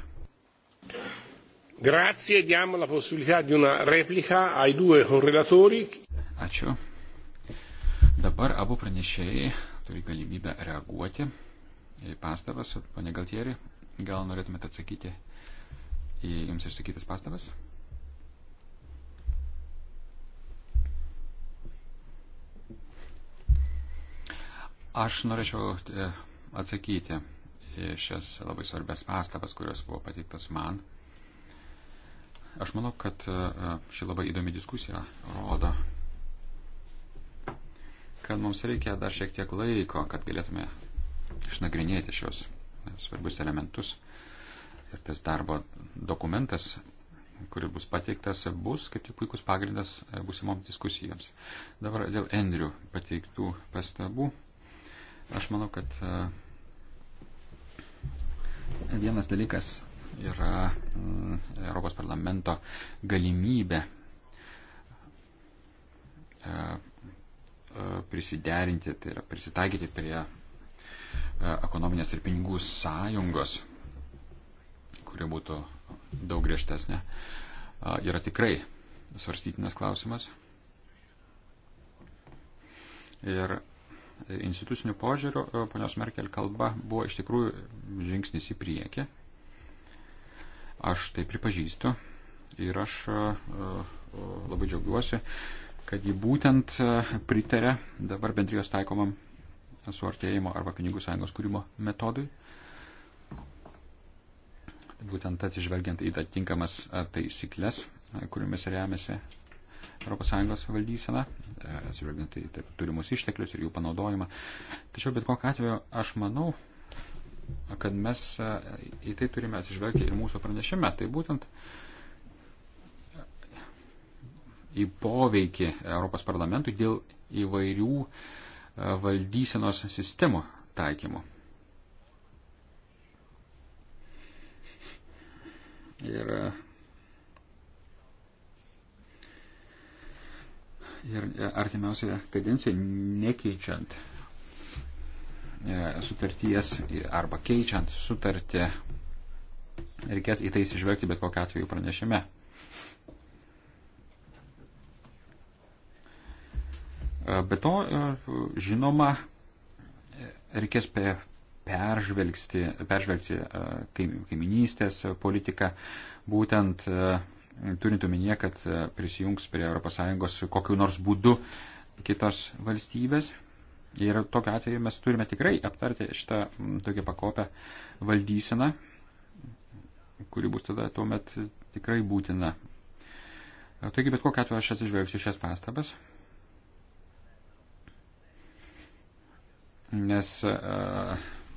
Grazie, diamo la possibilità di una replica ai due correlatori. Ačiū. Dabar abu pranešėjai turi galimybę reaguoti į pastabas. Pane Galtieri, gal norėtumėte atsakyti į jums išsakytas pastabas? Aš norėčiau e, atsakyti į šias labai svarbias pastabas, kurios buvo pateiktas man. Aš manau, kad e, e, ši labai įdomi diskusija rodo, kad mums reikia dar šiek tiek laiko, kad galėtume išnagrinėti šios svarbius elementus. Ir tas darbo dokumentas, kuris bus pateiktas, bus kaip tik puikus pagrindas būsimoms diskusijoms. Dabar dėl Endrių pateiktų pastabų Aš manau, kad e, vienas dalykas yra e, Europos parlamento galimybė e, prisiderinti, tai yra prisitaikyti prie ekonominės ir pinigų sąjungos, kuri būtų daug griežtesnė, yra tikrai svarstytinas klausimas. Ir institucinių požiūrių e, ponios Merkel kalba buvo iš tikrųjų žingsnis į priekį. Aš tai pripažįstu ir aš e, e, labai džiaugiuosi, kad ji būtent pritarė dabar bendrijos taikomam suartėjimo arba pinigų sąjungos kūrimo metodui. Būtent atsižvelgiant į atitinkamas taisyklės, kuriomis remiasi ES valdyseną, e, atsižvelgiant į taip, turimus išteklius ir jų panaudojimą. Tačiau bet kokiu atveju aš manau, kad mes e, į tai turime atsižvelgti ir mūsų pranešime. Tai būtent į poveikį Europos parlamentui dėl įvairių e, valdysenos sistemų taikymų. Ir ir e, artimiausioje kadencijoje nekeičiant e, sutarties arba keičiant sutartį reikės į tai išvelgti bet kokiu atveju pranešime. E, be to, žinoma, reikės peržvelgti, peržvelgti kaiminystės politiką, būtent turint omenyje, kad e, prisijungs prie ES kokiu nors būdu kitos valstybės. Ir tokiu atveju mes turime tikrai aptarti šitą tokią pakopę valdyseną, kuri bus tada tuomet tikrai būtina. E, taigi, bet kokiu atveju aš atsižvelgsiu šias pastabas. Nes uh,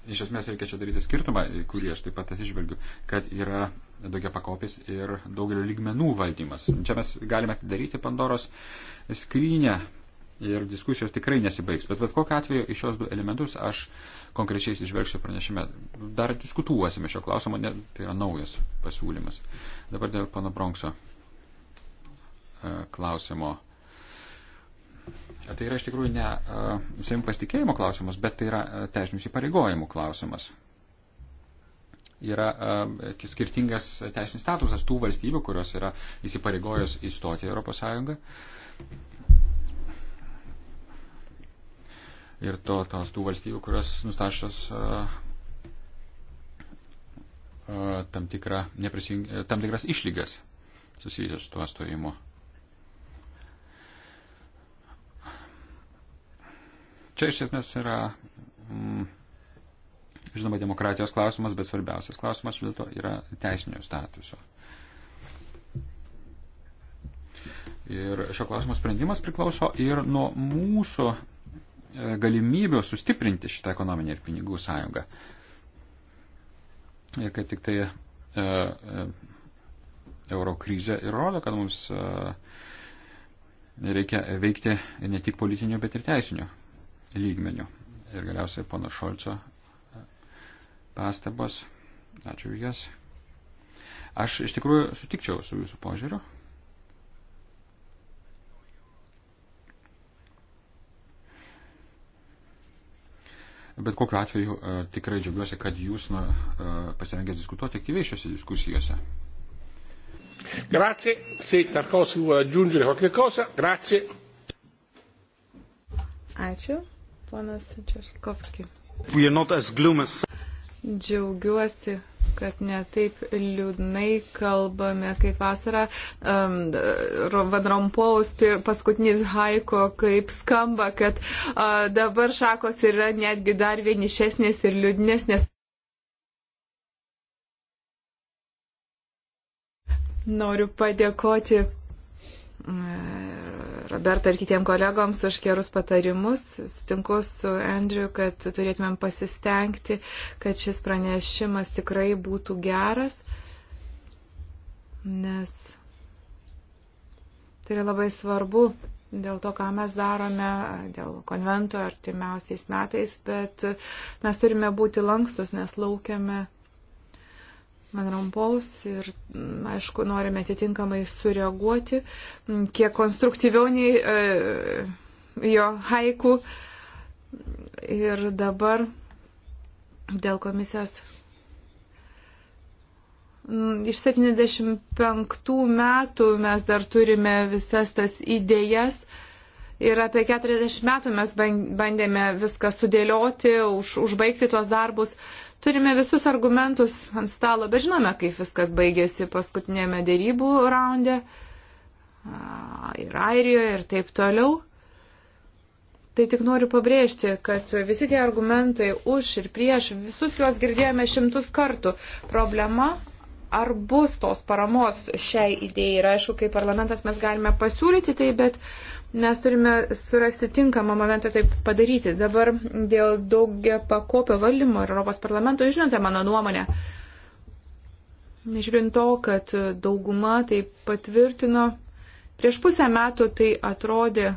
iš esmės reikia čia daryti skirtumą, kurį aš taip pat atsižvelgiu, kad yra daugia pakopis ir daugelio lygmenų valdymas. Čia mes galime daryti Pandoros skrynę ir diskusijos tikrai nesibaigs. Bet bet kokiu atveju iš šios du elementus aš konkrečiai išvelgsiu pranešime. Dar diskutuosime šio klausimo, ne, tai yra naujas pasiūlymas. Dabar dėl pana Bronkso e, klausimo Tai yra iš tikrųjų ne savim pasitikėjimo klausimas, bet tai yra teisinių įsipareigojimų klausimas. Yra a, skirtingas teisinis statusas tų valstybių, kurios yra įsipareigojus įstoti į Europos Sąjungą. Ir to, tos tų valstybių, kurios nustačios tam, tikrą, tam tikras išlygas susijusios su tuo stojimu. Čia iš esmės yra, mm, žinoma, demokratijos klausimas, bet svarbiausias klausimas vis dėlto yra teisinio statuso. Ir šio klausimo sprendimas priklauso ir nuo mūsų e, galimybių sustiprinti šitą ekonominę ir pinigų sąjungą. Ir kaip tik tai e, e, euro krizė ir rodo, kad mums e, reikia veikti ne tik politiniu, bet ir teisiniu lygmenių. Ir galiausiai pono Šolco e, pastabos. Ačiū jas. Aš iš tikrųjų sutikčiau su jūsų požiūriu. Bet kokiu atveju e, tikrai džiaugiuosi, kad jūs na, e, pasirengęs diskutuoti aktyviai šiose diskusijose. Grazie, se Tarkovskis vuole aggiungere qualche cosa, grazie. Ačiū. Ponas Českovski. Džiaugiuosi, kad netaip liūdnai kalbame, kaip vasara um, Van Rompaus paskutinis haiko, kaip skamba, kad uh, dabar šakos yra netgi dar vienišesnės ir liūdnesnės. Noriu padėkoti Roberta ir kitiem kolegoms už gerus patarimus. Sutinku su Andriu, kad turėtumėm pasistengti, kad šis pranešimas tikrai būtų geras, nes tai yra labai svarbu dėl to, ką mes darome, dėl konvento artimiausiais metais, bet mes turime būti lankstus, nes laukiame Van Rompaus ir, mm, aišku, norime atitinkamai sureaguoti, mm, kiek konstruktyviau nei e, jo haiku. Ir dabar dėl komisijos mm, iš 75 metų mes dar turime visas tas idėjas ir apie 40 metų mes bandėme viską sudėlioti, už, užbaigti tuos darbus. Uh, Turime visus argumentus ant stalo, bet žinome, kaip viskas baigėsi paskutinėme dėrybų raunde ir Airijoje ir taip toliau. Tai tik noriu pabrėžti, kad visi tie argumentai už ir prieš, visus juos girdėjome šimtus kartų. Problema, ar bus tos paramos šiai idėjai. Ir aišku, kaip parlamentas mes galime pasiūlyti tai, bet uh, mes turime surasti tinkamą momentą taip padaryti. Dabar dėl daugia pakopio valdymo ir Europos parlamento, žinote mano nuomonę. Nežiūrint to, kad dauguma tai patvirtino, prieš pusę metų tai atrodė,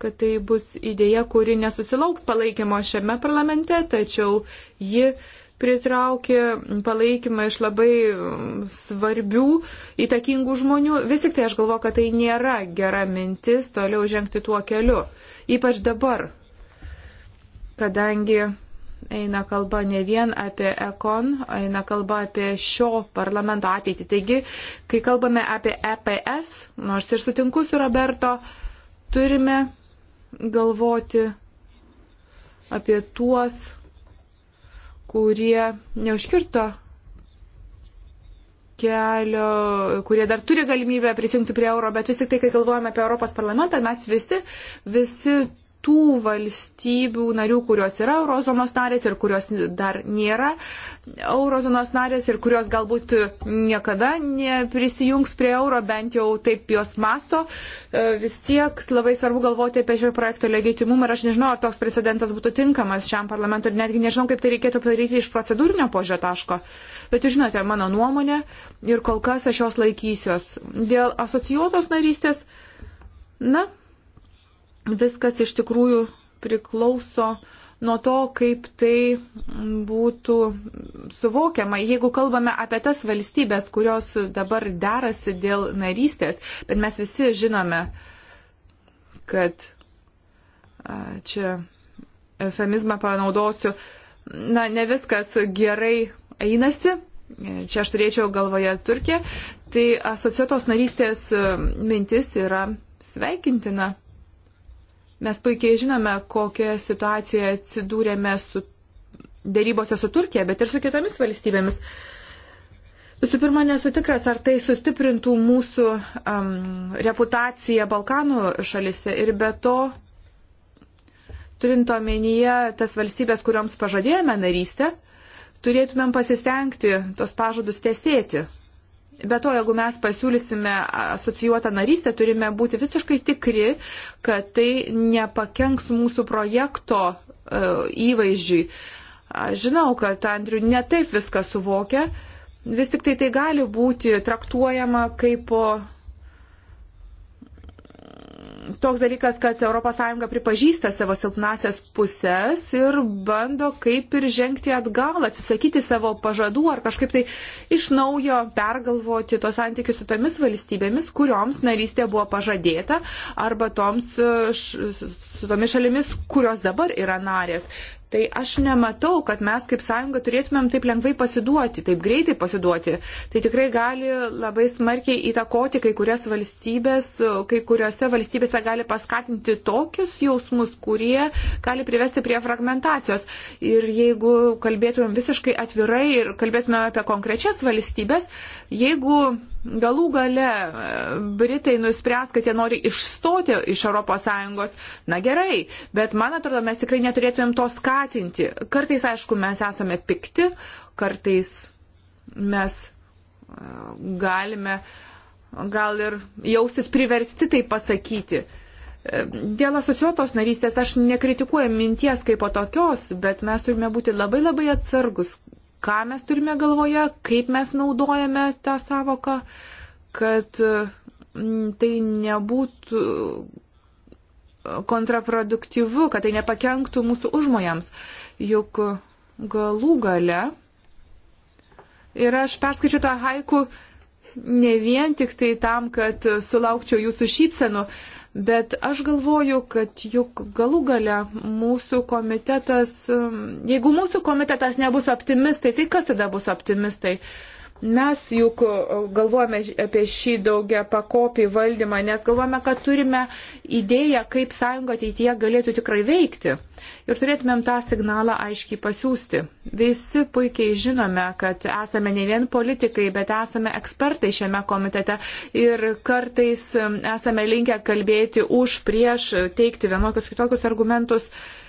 kad tai bus idėja, kuri nesusilauks palaikymo šiame parlamente, tačiau ji pritraukė palaikymą iš labai mm, svarbių, įtakingų žmonių. Vis tik tai aš galvoju, kad tai nėra gera mintis toliau žengti tuo keliu. Ypač dabar, kadangi eina kalba ne vien apie ekon, eina kalba apie šio parlamento ateitį. Taigi, kai kalbame apie EPS, nors ir sutinku su Roberto, turime galvoti apie tuos kurie neužkirto kelio, kurie dar turi galimybę prisijungti prie euro, bet vis tik tai, kai galvojame apie Europos parlamentą, mes visi, visi tų valstybių narių, kurios yra eurozonos narės ir kurios dar nėra eurozonos narės ir kurios galbūt niekada neprisijungs prie euro, bent jau taip jos masto, e, vis tiek labai svarbu galvoti apie šio projekto legitimumą ir aš nežinau, ar toks precedentas būtų tinkamas šiam parlamentui ir netgi nežinau, kaip tai reikėtų padaryti iš procedūrinio požio taško. Bet jūs žinote mano nuomonę ir kol kas aš jos laikysiuos. Dėl asocijuotos narystės, na, viskas iš tikrųjų priklauso nuo to, kaip tai būtų suvokiama. Jeigu kalbame apie tas valstybės, kurios dabar derasi dėl narystės, bet mes visi žinome, kad čia eufemizmą panaudosiu, na, ne viskas gerai einasi, čia aš turėčiau galvoje Turkiją, tai asociuotos narystės mintis yra sveikintina. Mes puikiai žinome, kokioje situacijoje atsidūrėme su dėrybose su Turkija, bet ir su kitomis valstybėmis. Visų pirma, nesu tikras, ar tai sustiprintų mūsų um, reputaciją Balkanų šalise ir be to, turint omenyje tas valstybės, kurioms pažadėjome narystę, turėtumėm pasistengti tos pažadus tiesėti. Be to, jeigu mes pasiūlysime asocijuotą narystę, turime būti visiškai tikri, kad tai nepakenks mūsų projekto e, įvaizdžiui. Aš žinau, kad Andriu netaip viską suvokia, vis tik tai tai gali būti traktuojama kaip toks dalykas, kad ES pripažįsta savo silpnasias pusės ir bando kaip ir žengti atgal, atsisakyti savo pažadų ar kažkaip tai iš naujo pergalvoti tos santykius su tomis valstybėmis, kurioms narystė buvo pažadėta arba toms, su tomis šalimis, kurios dabar yra narės tai aš nematau, kad mes kaip sąjunga turėtumėm taip lengvai pasiduoti, taip greitai pasiduoti. Tai tikrai gali labai smarkiai įtakoti kai kurias valstybės, kai kuriuose valstybėse gali paskatinti tokius jausmus, kurie gali privesti prie fragmentacijos. Ir jeigu kalbėtumėm visiškai atvirai ir kalbėtumėm apie konkrečias valstybės, jeigu galų gale e, Britai nuspręs, kad jie nori išstoti iš ES, na gerai, bet man atrodo, mes tikrai neturėtumėm to skatinti. Kartais, aišku, mes esame pikti, kartais mes e, galime gal ir jaustis priversti tai pasakyti. E, dėl asociuotos narystės aš nekritikuoju minties kaip po tokios, bet mes turime būti labai labai atsargus, ką mes turime galvoje, kaip mes naudojame tą savoką, kad mm, tai nebūtų kontraproduktyvu, kad tai nepakenktų mūsų užmojams. Juk galų gale. Ir aš perskaičiu tą haiku ne vien tik tai tam, kad sulaukčiau jūsų šypsenų, Bet aš galvoju, kad juk galų gale mūsų komitetas, um, jeigu mūsų komitetas nebus optimistai, tai kas tada bus optimistai? Uh, Mes juk e, galvojame apie šį daugia pakopį valdymą, nes galvojame, kad turime idėją, kaip sąjunga ateityje galėtų tikrai veikti. Ir turėtumėm tą signalą aiškiai pasiūsti. Visi puikiai žinome, kad esame ne vien politikai, bet esame ekspertai šiame komitete ir kartais e, esame linkę kalbėti už, prieš, teikti vienokius kitokius argumentus. Uh,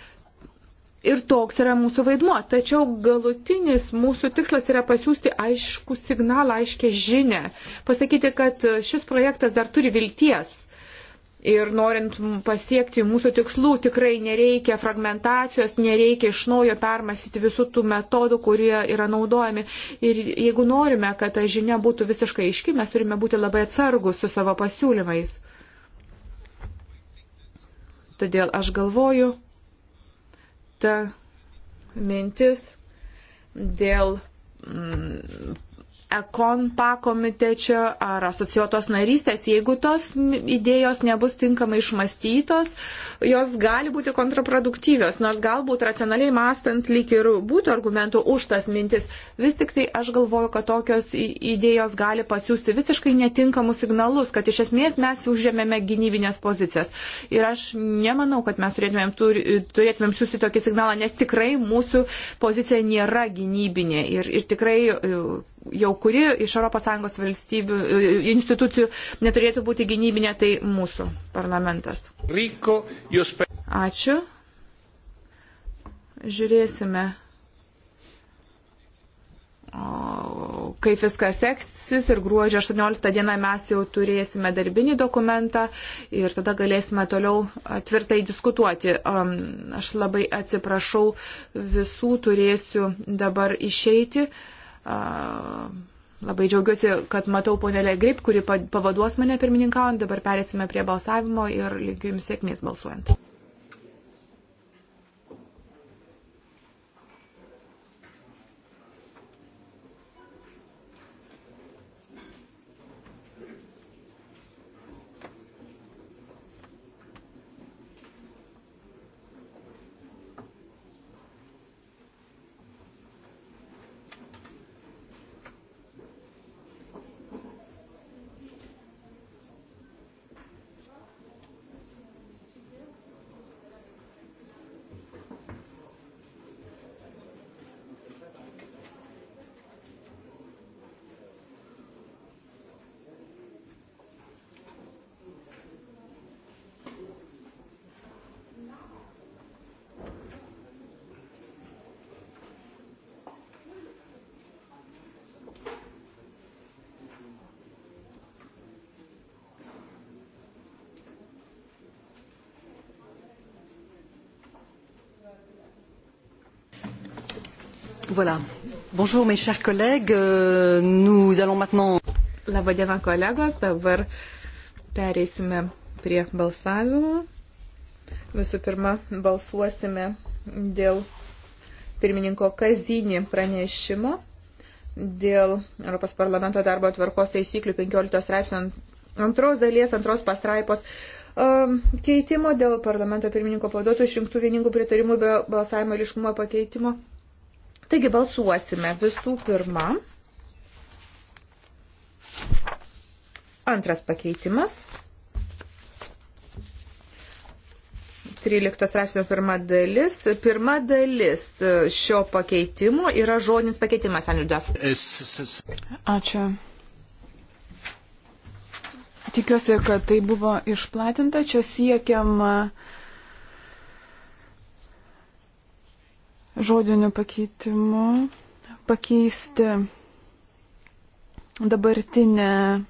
Ir toks yra mūsų vaidmuo. Tačiau galutinis mūsų tikslas yra pasiūsti aišku signalą, aiškę žinę. Pasakyti, kad šis projektas dar turi vilties. Ir norint pasiekti mūsų tikslų, tikrai nereikia fragmentacijos, nereikia iš naujo permasyti visų tų metodų, kurie yra naudojami. Ir jeigu norime, kad ta žinia būtų visiškai aiški, mes turime būti labai atsargus su savo pasiūlymais. Todėl aš galvoju, ta mintis dėl mm, ekonpa komitečio ar asociuotos narystės, jeigu tos idėjos nebus tinkamai išmastytos, jos gali būti kontraproduktyvios, nors galbūt racionaliai mastant lyg ir būtų argumentų už tas mintis. Vis tik tai aš galvoju, kad tokios idėjos gali pasiūsti visiškai netinkamus signalus, kad iš esmės mes užėmėme gynybinės pozicijas. Ir aš nemanau, kad mes turėtumėm, turėtumėm siūsti tokį signalą, nes tikrai mūsų pozicija nėra gynybinė. Ir, ir tikrai e, jau kuri iš ES valstybių e, institucijų neturėtų būti gynybinė, tai mūsų parlamentas. Ačiū. Žiūrėsime, kaip viskas seksis ir gruodžio 18 dieną mes jau turėsime darbinį dokumentą ir tada galėsime toliau tvirtai diskutuoti. Um, aš labai atsiprašau visų, turėsiu dabar išeiti. Labai džiaugiuosi, kad matau ponelę Grip, kuri pavaduos mane pirmininkaujant. Dabar perėsime prie balsavimo ir linkiu Jums sėkmės balsuojant. Voilà. Bonjour mes chers collègues, euh, nous allons maintenant. Labadiena kolegos, dabar pereisime prie balsavimo. Visų pirma, balsuosime dėl pirmininko Kazinį pranešimo dėl Europos parlamento darbo tvarkos taisyklių 15 straipsnio antros dalies, antros pastraipos um, keitimo dėl parlamento pirmininko pavaduotų išrinktų vieningų pritarimų be balsavimo ir iškumo pakeitimo Taigi balsuosime visų pirma. Antras pakeitimas. 13 straipsnio pirma dalis. Pirma dalis šio pakeitimo yra žodinis pakeitimas, Anidaf. Ačiū. Tikiuosi, kad tai buvo išplatinta. Čia siekiama uh, žodiniu pakeitimu pakeisti dabartinę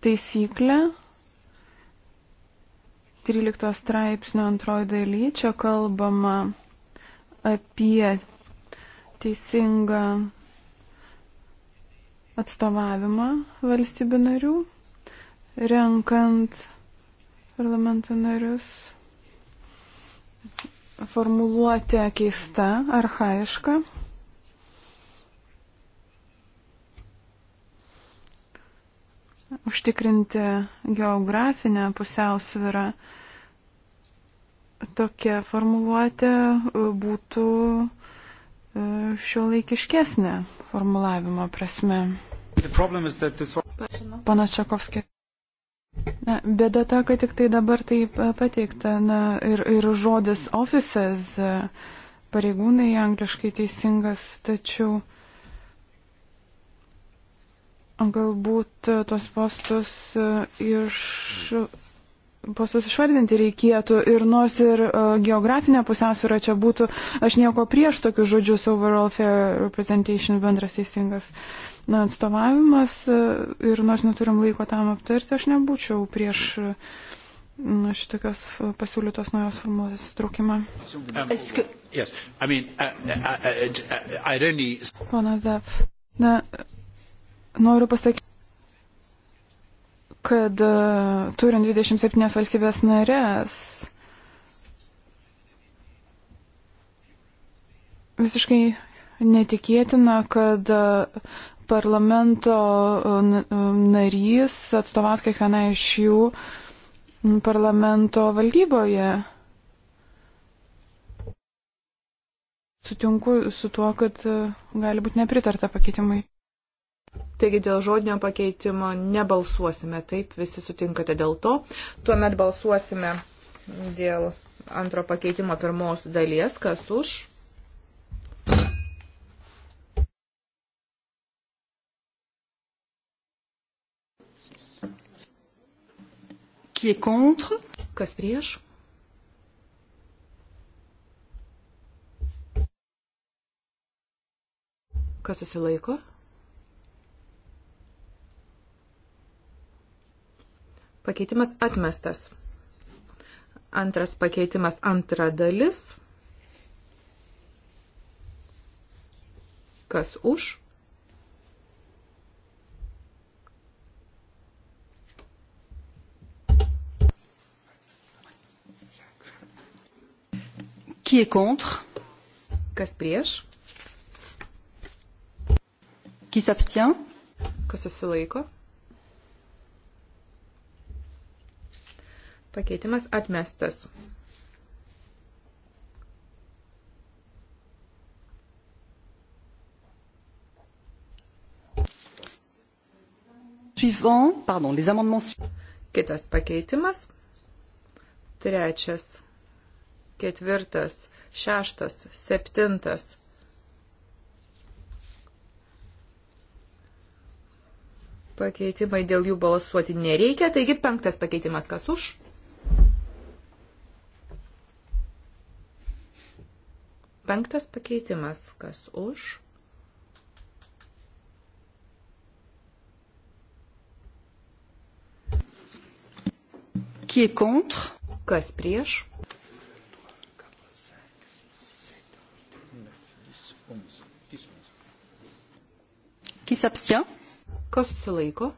taisyklę 13 straipsnio antroji daly. Čia kalbama apie teisingą atstovavimą valstybių narių, renkant parlamento narius formuluotė keista, arhaiška. Užtikrinti geografinę pusiausvyrą tokia formuluotė e, būtų e, šio laikiškesnė formulavimo prasme. This... Panas Čakovskis. Na, bėda ta, kad tik tai dabar tai pateikta. Na, ir, ir žodis offices, e, pareigūnai angliškai teisingas, tačiau galbūt e, tuos postus iš. Postus išvardinti reikėtų ir nors ir uh, geografinė pusiausvyrą čia būtų, aš nieko prieš tokius žodžius overall fair representation bendras teisingas uh, na, atstovavimas e, ir nors neturim laiko tam aptarti, aš nebūčiau prieš e, na, šitokios e, pasiūlytos naujos formulės traukimą. Ponas Dap, na, noriu pasakyti kad turint 27 valstybės narės, visiškai netikėtina, kad parlamento e, e, narys atstovas kiekvieną iš jų parlamento valdyboje. Sutinku su tuo, kad e, gali būti nepritarta pakeitimui. Taigi dėl žodinio pakeitimo nebalsuosime, taip visi sutinkate dėl to. Tuomet balsuosime dėl antro pakeitimo pirmos dalies, kas už, Qui est contre? Kas prieš? Kas susilaiko? Pakeitimas atmestas. Antras pakeitimas antra dalis. Kas už? Qui est contre Kas prieš? Qui s'abstient Kas susilaiko? Pakeitimas atmestas. Suivant, pardon, les amendements. Kitas pakeitimas. Trečias ketvirtas, šeštas, septintas. Pakeitimai dėl jų balsuoti nereikia, taigi penktas pakeitimas kas už? Penktas pakeitimas kas už? Qui est contre Kas prieš? Qui s'abstient Kas susilaiko?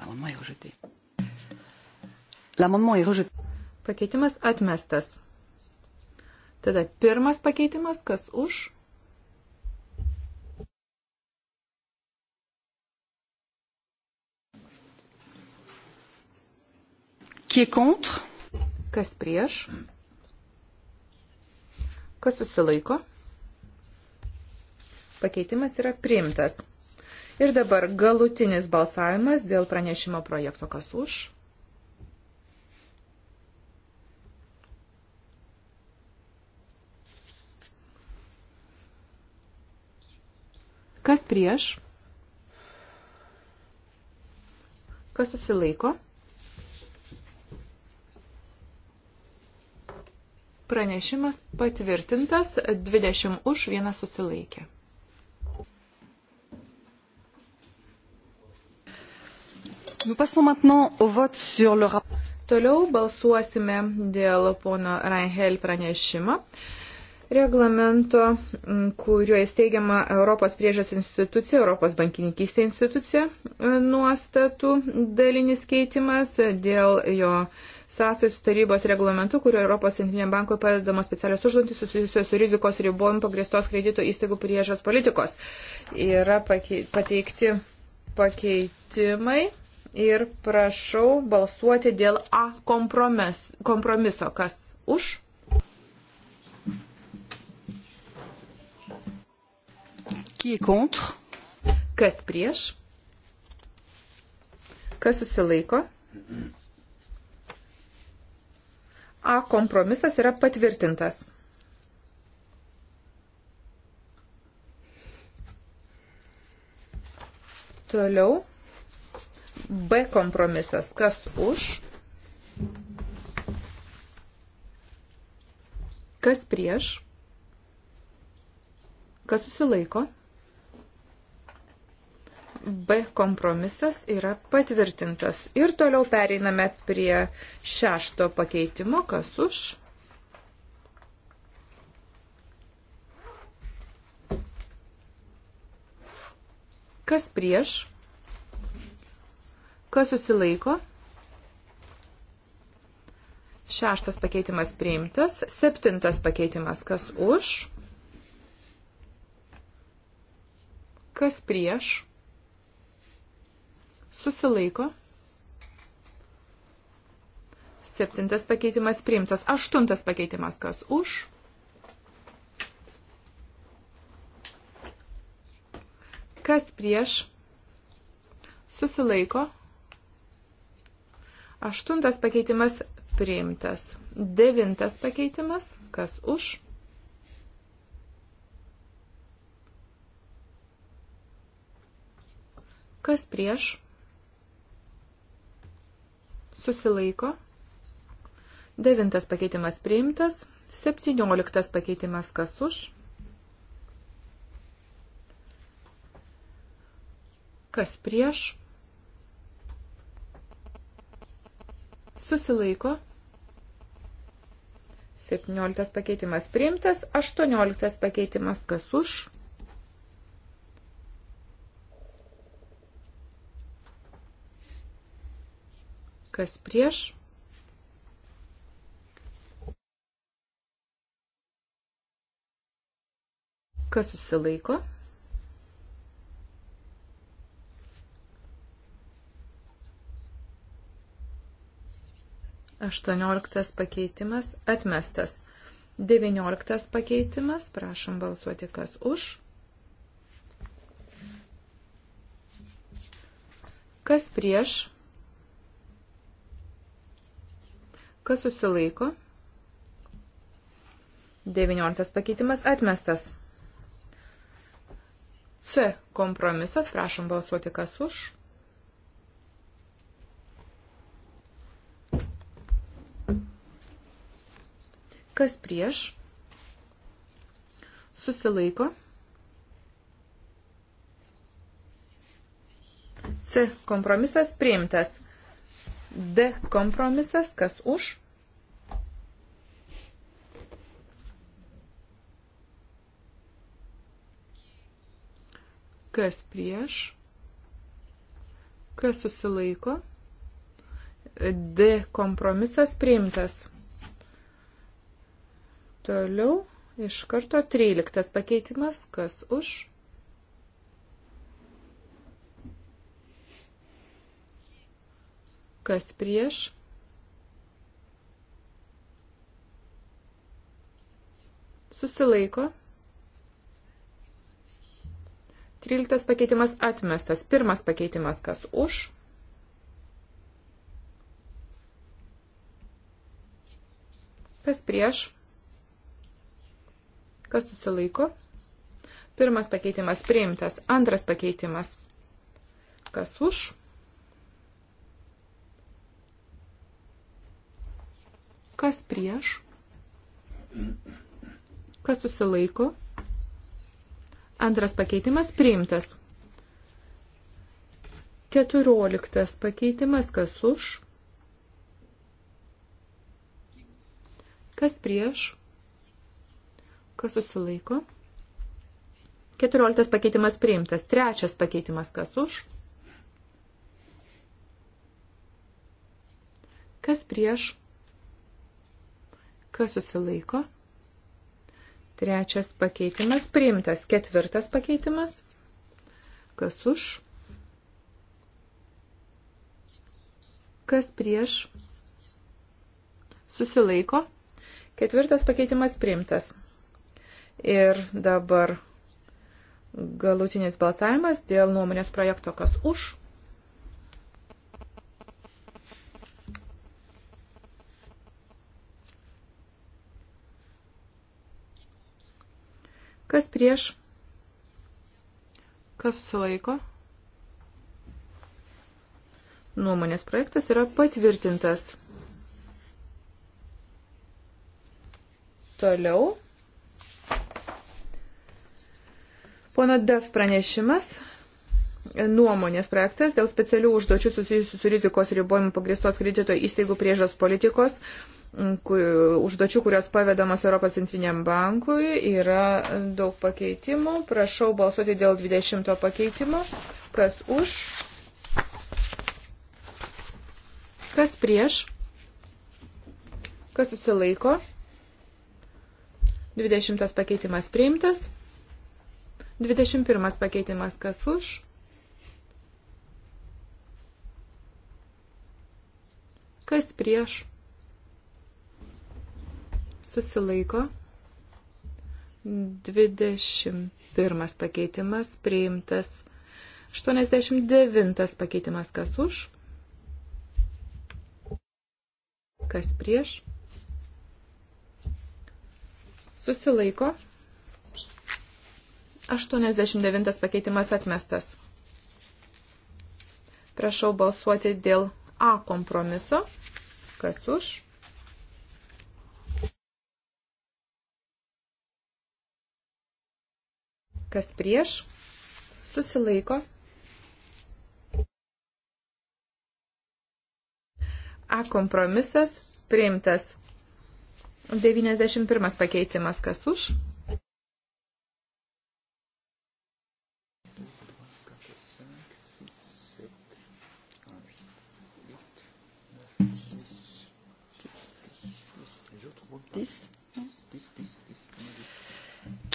L'amendement est rejeté. L'amendement est rejeté. Pakeitimas atmestas. Tada pirmas pakeitimas, kas už? Qui est contre? Kas prieš? Kas susilaiko? Pakeitimas yra priimtas. Ir dabar galutinis balsavimas dėl pranešimo projekto. Kas už? Kas prieš? Kas susilaiko? Pranešimas patvirtintas, 20 už, vienas susilaikė. Toliau balsuosime dėl pono Reinhel pranešimo reglamento, kuriuo įsteigiama Europos priežios institucija, Europos bankininkystė institucija e, nuostatų dalinis keitimas dėl jo sąsajų su tarybos reglamentu, kuriuo Europos centriniam bankui padedamos specialios užduotys susijusios su rizikos ribojimu pagristos kredito įstaigų priežos politikos. Yra pateikti pakeitimai ir prašau balsuoti dėl A kompromis, kompromiso. Kas už? Kas prieš? Kas susilaiko? A kompromisas yra patvirtintas. Toliau B kompromisas. Kas už? Kas prieš? Kas susilaiko? B kompromisas yra patvirtintas. Ir toliau pereiname prie šešto pakeitimo. Kas už? Kas prieš? Kas susilaiko? Šeštas pakeitimas priimtas. Septintas pakeitimas kas už? Kas prieš? Susilaiko. Septintas pakeitimas priimtas. Aštuntas pakeitimas kas už? Kas prieš? Susilaiko. Aštuntas pakeitimas priimtas. Devintas pakeitimas. Kas už? Kas prieš? Susilaiko. Devintas pakeitimas priimtas. Septynioliktas pakeitimas kas už? Kas prieš? susilaiko. 17 pakeitimas priimtas, 18 pakeitimas kas už. Kas prieš? Kas susilaiko? 18 pakeitimas atmestas. 19 pakeitimas, prašom balsuoti kas už. Kas prieš? Kas susilaiko? 19 pakeitimas atmestas. C. Kompromisas, prašom balsuoti kas už. Kas prieš? Susilaiko. C. Kompromisas priimtas. D. Kompromisas. Kas už? Kas prieš? Kas susilaiko? D. Kompromisas priimtas. Toliau iš karto 13 pakeitimas, kas už. Kas prieš. Susilaiko. 13 pakeitimas atmestas. Pirmas pakeitimas, kas už. Kas prieš. Kas susilaiko? Pirmas pakeitimas priimtas. Antras pakeitimas. Kas už? Kas prieš? Kas susilaiko? Antras pakeitimas priimtas. Keturioliktas pakeitimas kas už? Kas prieš? kas susilaiko. 14 pakeitimas priimtas. Trečias pakeitimas kas už. Kas prieš? Kas susilaiko? Trečias pakeitimas priimtas. Ketvirtas pakeitimas. Kas už? Kas prieš? Susilaiko. Ketvirtas pakeitimas priimtas. Ir dabar galutinis balsavimas dėl nuomonės projekto, kas už. Kas prieš? Kas susilaiko? Nuomonės projektas yra patvirtintas. Toliau Pono Dev pranešimas nuomonės projektas dėl specialių užduočių susijusių su rizikos ribojimu pagristos kredito įstaigų priežos politikos užduočių, kurios pavedamos Europos centriniam bankui, yra daug pakeitimų. Prašau balsuoti dėl 20 pakeitimo. Kas už? Kas prieš? Kas susilaiko? 20 pakeitimas priimtas. 21 pakeitimas kas už. Kas prieš? Susilaiko. 21 pakeitimas priimtas. 89 pakeitimas kas už. Kas prieš? Susilaiko. 89 pakeitimas atmestas. Prašau balsuoti dėl A kompromiso. Kas už? Kas prieš? Susilaiko. A kompromisas priimtas. 91 pakeitimas. Kas už?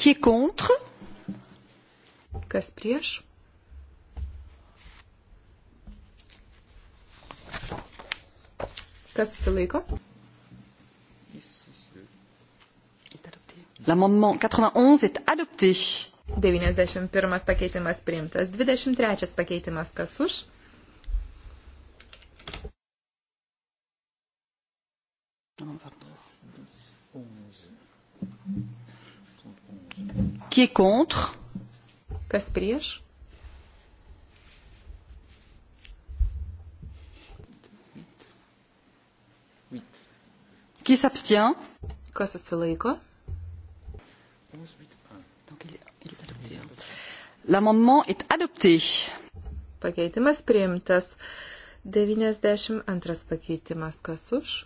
Qui est contre? Kas prieš? Kas atsilaiko? L'amendement 91 est adopté. 91 pakeitimas priimtas. 23 pakeitimas kas už? On va Qui est contre? Kas prieš? Qui s'abstient? Kas atsilaiko? L'amendement est adopté. Pakeitimas priimtas. 92 pakeitimas. Kas už?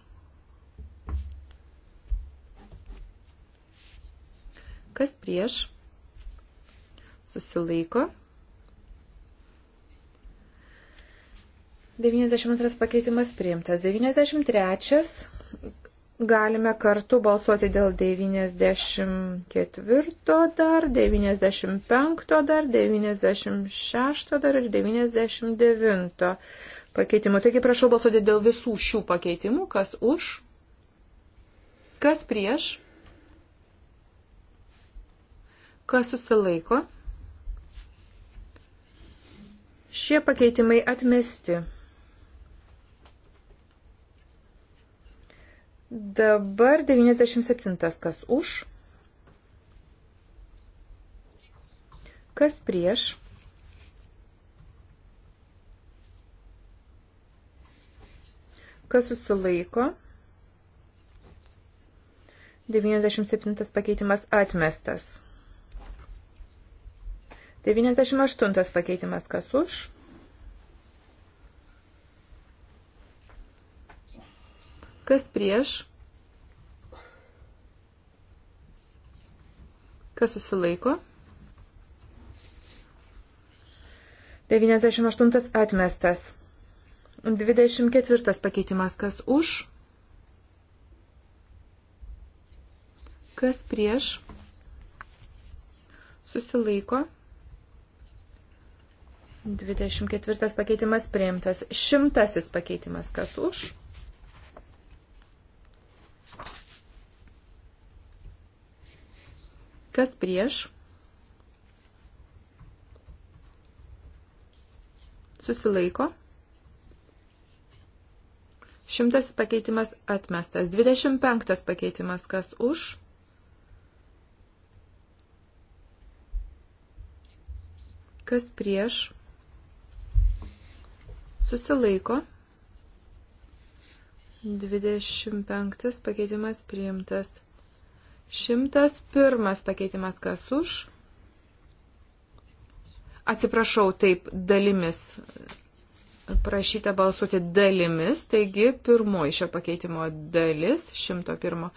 Kas prieš? susilaiko. 92 pakeitimas priimtas. 93 galime kartu balsuoti dėl 94 dar, 95 dar, 96 dar ir 99 pakeitimų. Taigi prašau balsuoti dėl visų šių pakeitimų, kas už, kas prieš, kas susilaiko. Šie pakeitimai atmesti. Dabar 97. Kas už? Kas prieš? Kas susilaiko? 97 pakeitimas atmestas. 98 pakeitimas kas už. Kas prieš? Kas susilaiko? 98 atmestas. 24 pakeitimas kas už. Kas prieš? Susilaiko. 24 pakeitimas priimtas. Šimtasis pakeitimas. Kas už? Kas prieš? Susilaiko. Šimtasis pakeitimas atmestas. 25 pakeitimas. Kas už? Kas prieš? susilaiko. 25 pakeitimas priimtas. 101 pakeitimas kas už. Atsiprašau, taip, dalimis. Prašyta balsuoti dalimis, taigi pirmoji šio pakeitimo dalis, 101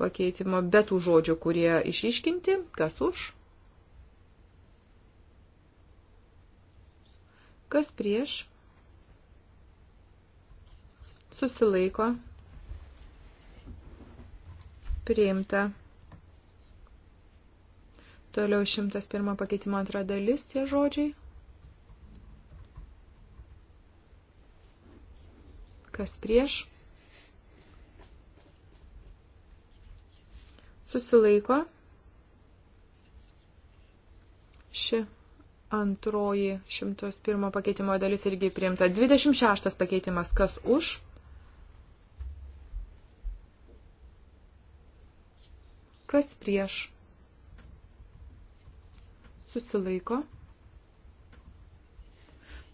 pakeitimo, bet už žodžių, kurie išryškinti, kas už. Kas prieš? susilaiko, priimta. Toliau 101 pakeitimo antra dalis tie žodžiai. Kas prieš? Susilaiko. Ši antroji 101 pakeitimo dalis irgi priimta. 26 pakeitimas. Kas už? Kas prieš? Susilaiko.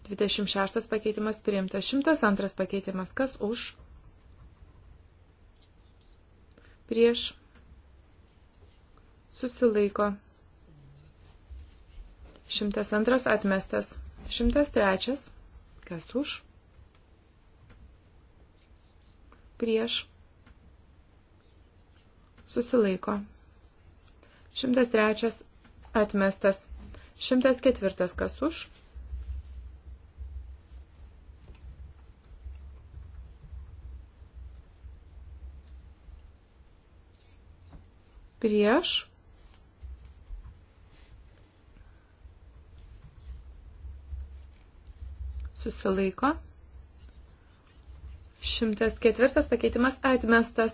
26 pakeitimas priimtas. 102 pakeitimas. Kas už? Prieš. Susilaiko. 102 atmestas. 103. Kas už? Prieš susilaiko. 103 atmestas. 104 kas už. Prieš. Susilaiko. 104 pakeitimas atmestas.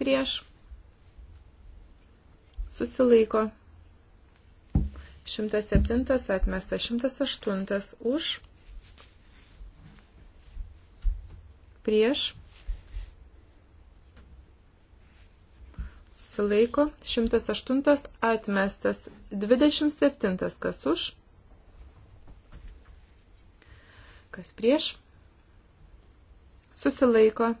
prieš susilaiko. 107 atmesta, 108 už prieš susilaiko, 108 atmestas, 27 kas už, kas prieš, susilaiko, 108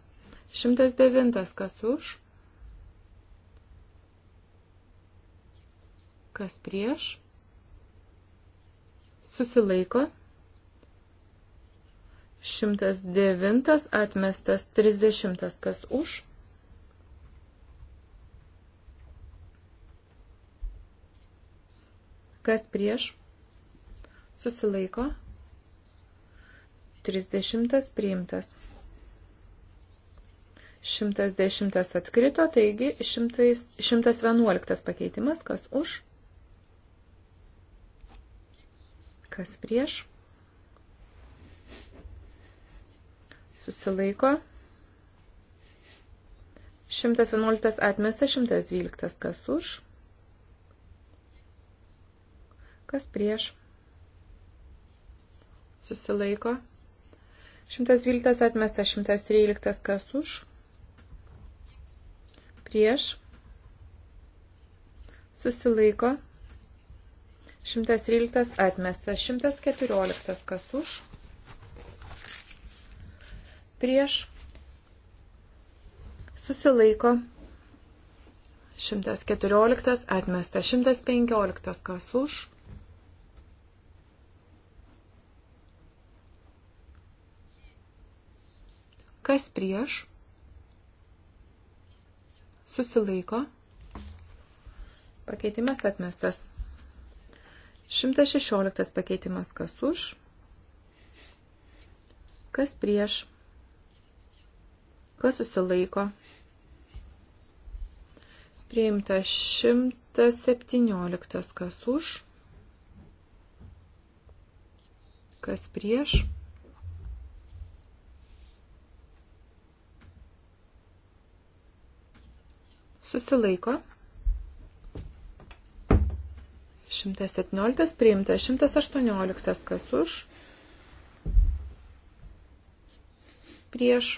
109 kas už, kas prieš, susilaiko. 109 atmestas 30 kas už. Kas prieš? Susilaiko. 30 priimtas. 110 atkrito, taigi 111 pakeitimas, kas už, kas prieš, susilaiko, 111 atmesta, 112 kas už, kas prieš, susilaiko, 112 atmesta, 113 kas už, prieš, susilaiko, 113 atmestas, 114 kas už, prieš, susilaiko, 114 atmestas, 115 kas už, kas prieš, susilaiko, pakeitimas atmestas. 116 pakeitimas kas už, kas prieš, kas susilaiko. Priimta 117 kas už, kas prieš susilaiko. 117 priimta, 118 kas už, prieš,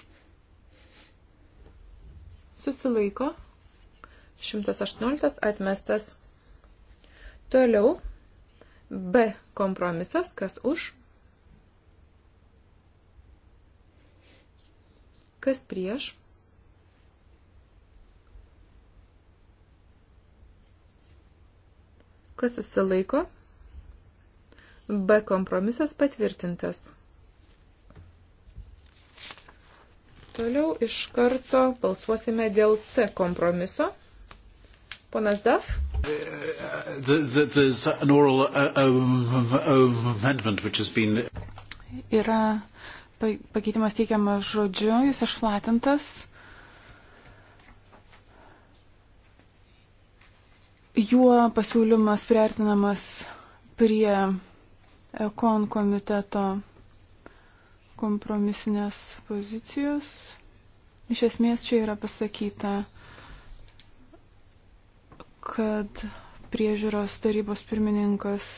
susilaiko, 118 atmestas. Toliau, B kompromisas, kas už, kas prieš, kas susilaiko. B kompromisas patvirtintas. Toliau iš karto balsuosime dėl C kompromiso. Ponas Daf. Uh, um, um, Yra pakeitimas teikiamas žodžiu, jis išplatintas Juo pasiūlymas priartinamas prie Ekon komiteto kompromisinės pozicijos. Iš esmės čia yra pasakyta, kad priežiūros tarybos pirmininkas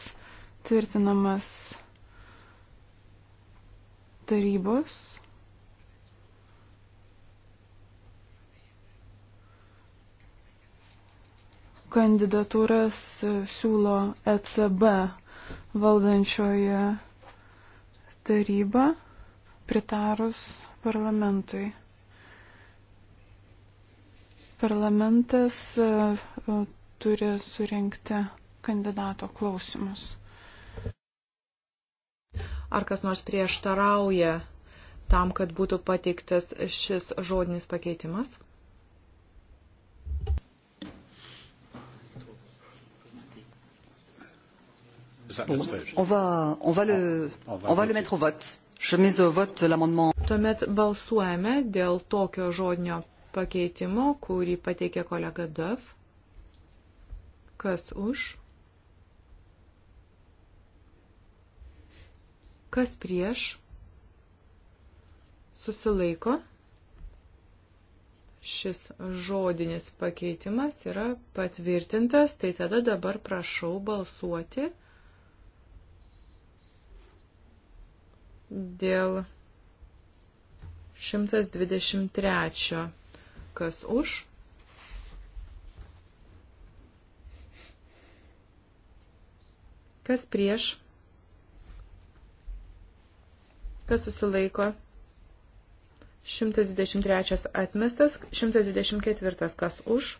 tvirtinamas tarybos kandidatūras e, siūlo ECB valdančioje taryba pritarus parlamentui. Parlamentas e, e, turi surinkti kandidato klausimus. Ar kas nors prieštarauja tam, kad būtų pateiktas šis žodinis pakeitimas? On va, on va, le, on va le mettre au vote. Je mets au vote l'amendement. Tuomet balsuojame dėl tokio žodinio pakeitimo, kurį pateikė kolega Daf. Kas už? Kas prieš? Susilaiko. Šis žodinis pakeitimas yra patvirtintas, tai tada dabar prašau balsuoti. dėl 123. Kas už? Kas prieš? Kas susilaiko? 123 atmestas, 124 kas už?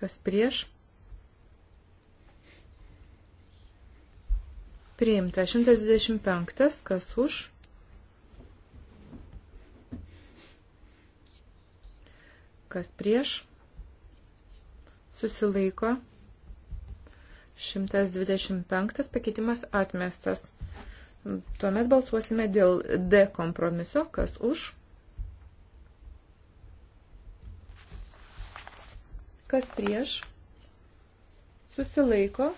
kas prieš. Priimta 125, kas už. Kas prieš. Susilaiko. 125 pakeitimas atmestas. Tuomet balsuosime dėl D kompromiso, kas už. kas prieš, susilaiko,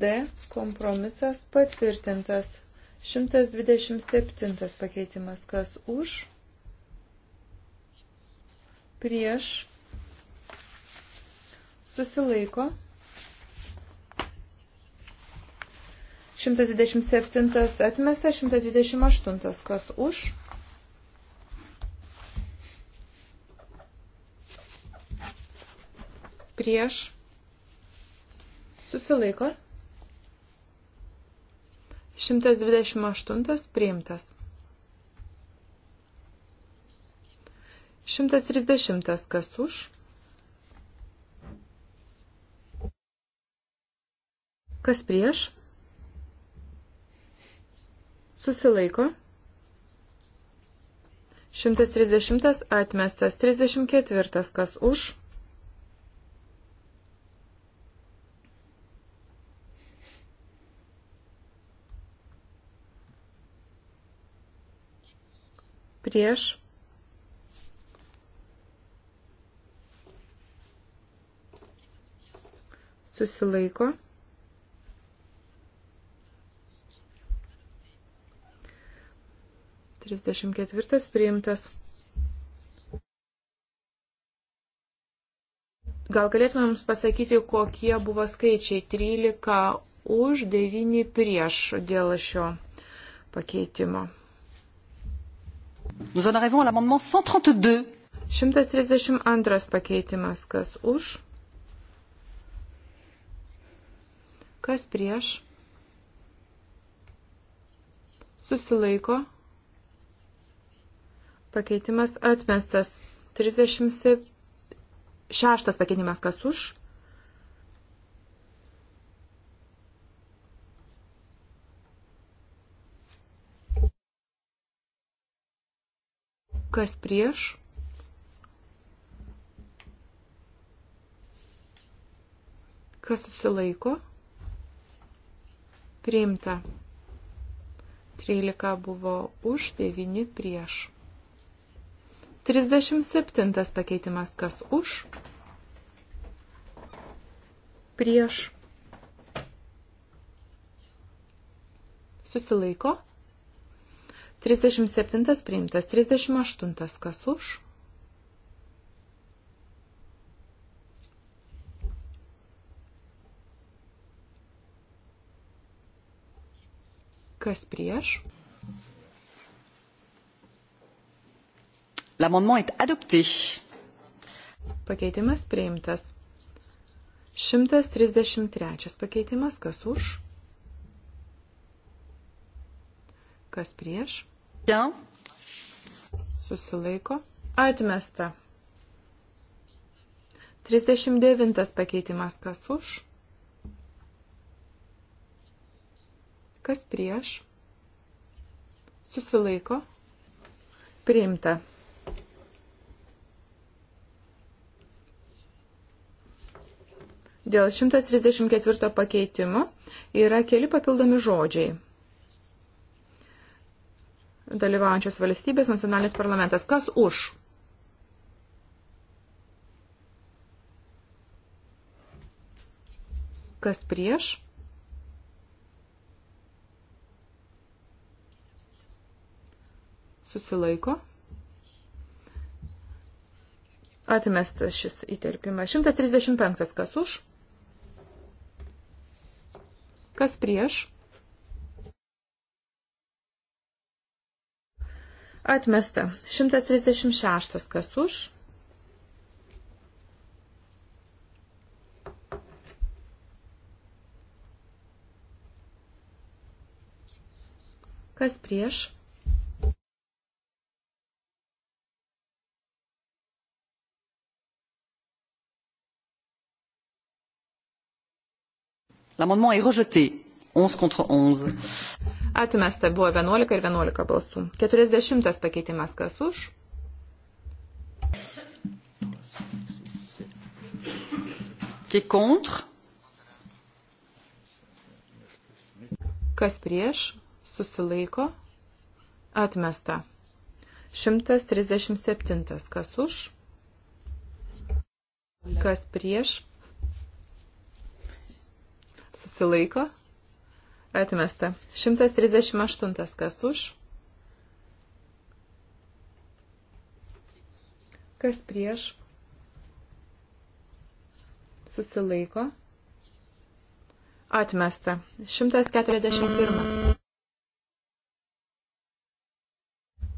D kompromisas patvirtintas. 127 pakeitimas, kas už, prieš, susilaiko. 127 atmesta, 128 kas už, prieš, susilaiko. 128 priimtas. 130 kas už. Kas prieš? Susilaiko. 130 atmestas, 34 kas už. prieš. Susilaiko. Trisdešimt ketvirtas priimtas. Gal galėtumėm pasakyti, kokie buvo skaičiai 13 už 9 prieš dėl šio pakeitimo. Nous en arrivons à l'amendement 132. 132 pakeitimas. Kas už? Kas prieš? Susilaiko. Pakeitimas atmestas. 36 pakeitimas. Kas už? Kas prieš? Kas susilaiko? Priimta. 13 buvo už, 9 prieš. 37 pakeitimas kas už? Prieš. Susilaiko? 37 priimtas, 38 kas už. Kas prieš? L'amendement est adopté. Pakeitimas priimtas. 133 pakeitimas kas už? Kas prieš? Susilaiko. Atmesta. 39 pakeitimas kas už. Kas prieš. Susilaiko. Priimta. Dėl 134 pakeitimo yra keli papildomi žodžiai dalyvaujančios valstybės nacionalinis parlamentas. Kas už? Kas prieš? Susilaiko. Atmestas šis įterpimas. 135. Kas už? Kas prieš? Atmesta. 136. Kas už? Kas prieš? L'amendement est rejeté. 11 contre 11. Atmesta buvo 11 ir 11 balsų. 40 pakeitimas kas už? Qui contre? Kas prieš? Susilaiko? Atmesta. 137. Kas už? Kas prieš? Susilaiko? Atmesta. 138 kas už. Kas prieš. Susilaiko. Atmesta. 141.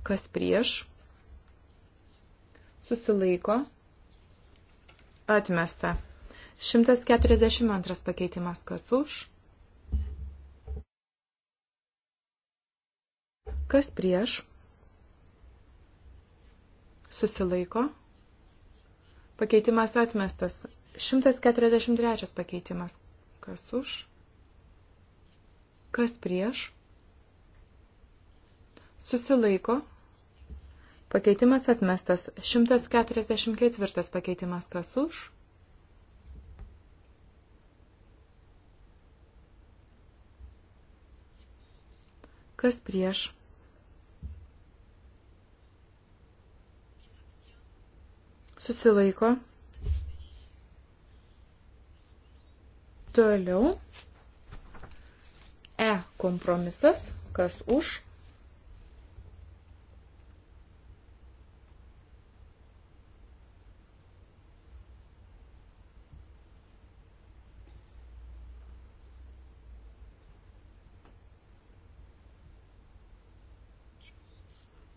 Kas prieš. Susilaiko. Atmesta. 142 pakeitimas kas už Kas prieš? Susilaiko. Pakeitimas atmestas. 143 pakeitimas. Kas už? Kas prieš? Susilaiko. Pakeitimas atmestas. 144 pakeitimas. Kas už? Kas prieš? susilaiko. Toliau E kompromisas, kas už.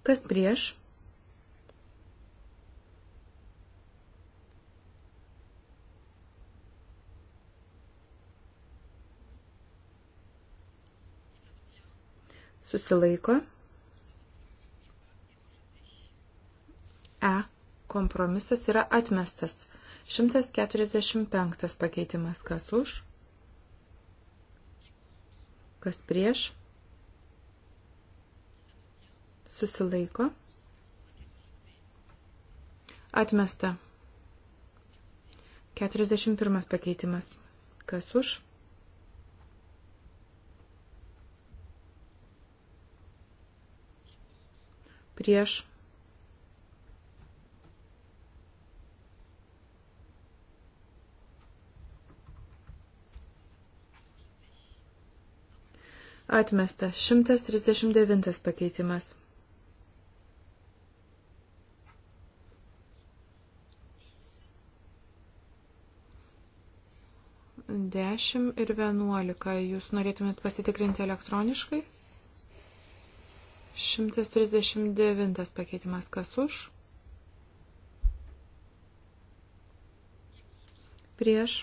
Kas prieš? susilaiko. E. Kompromisas yra atmestas. 145 pakeitimas kas už, kas prieš, susilaiko, atmesta. 41 pakeitimas kas už, prieš Atmesta 139 pakeitimas. Dešimt ir vienuolika. Jūs norėtumėt pasitikrinti elektroniškai? 139 pakeitimas kas už? Prieš.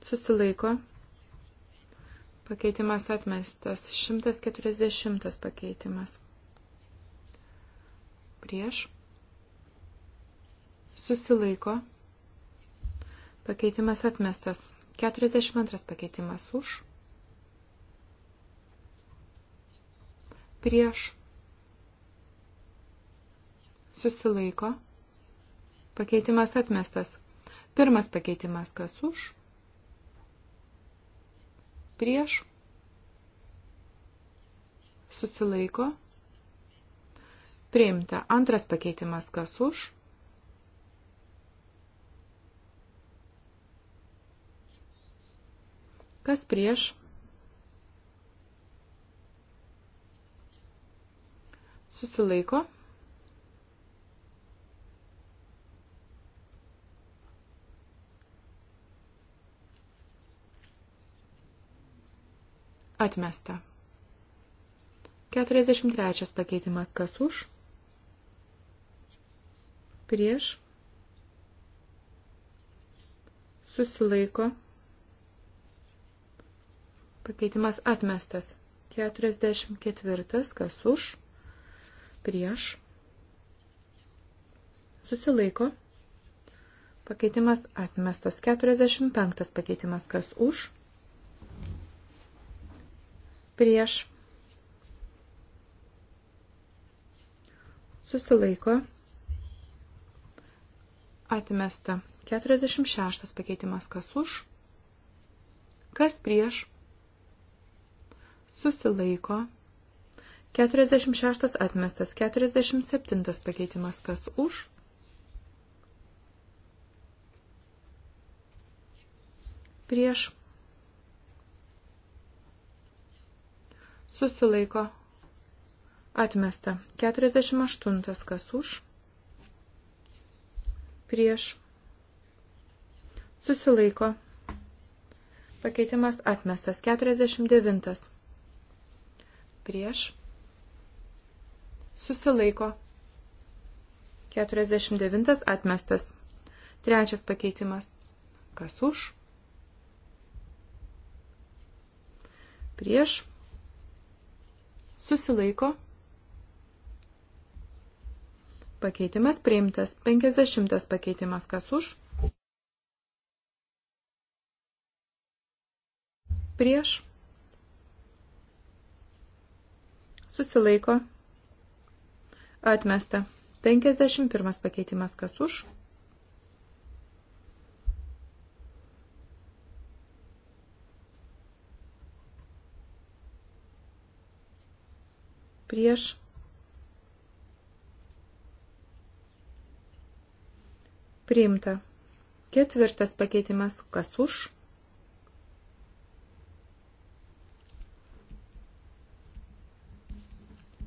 Susilaiko. Pakeitimas atmestas. 140 pakeitimas. Prieš. Susilaiko. Pakeitimas atmestas. 42 pakeitimas už prieš susilaiko. Pakeitimas atmestas. Pirmas pakeitimas kas už, prieš susilaiko. Priimta. Antras pakeitimas kas už. Kas prieš susilaiko. Atmesta. 43 pakeitimas kas už? Prieš. Susilaiko. Pakeitimas atmestas. 44 kas už? prieš, susilaiko, pakeitimas atmestas 45 pakeitimas, kas už, prieš, susilaiko, atmesta 46 pakeitimas, kas už, kas prieš, susilaiko, 46 atmestas, 47 pakeitimas kas už. Prieš. Susilaiko. Atmesta. 48 kas už. Prieš. Susilaiko. Pakeitimas atmestas. 49. Prieš susilaiko. 49 atmestas. Trečias pakeitimas. Kas už? Prieš. Susilaiko. Pakeitimas priimtas. 50 pakeitimas. Kas už? Prieš. Susilaiko. Atmesta. 51 pakeitimas kas už. Prieš. Priimta. Ketvirtas pakeitimas kas už.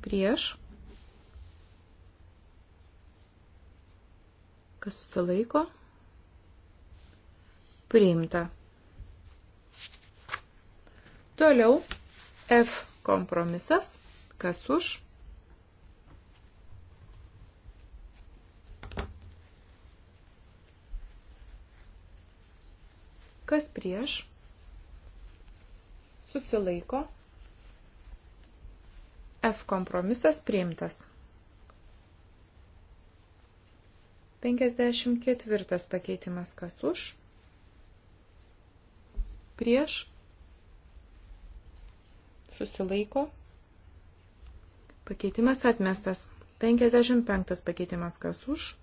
Prieš. kas susilaiko, priimta. Toliau F kompromisas, kas už, kas prieš, susilaiko, F kompromisas priimtas. 54 pakeitimas kas už, prieš, susilaiko, pakeitimas atmestas. 55 pakeitimas kas už,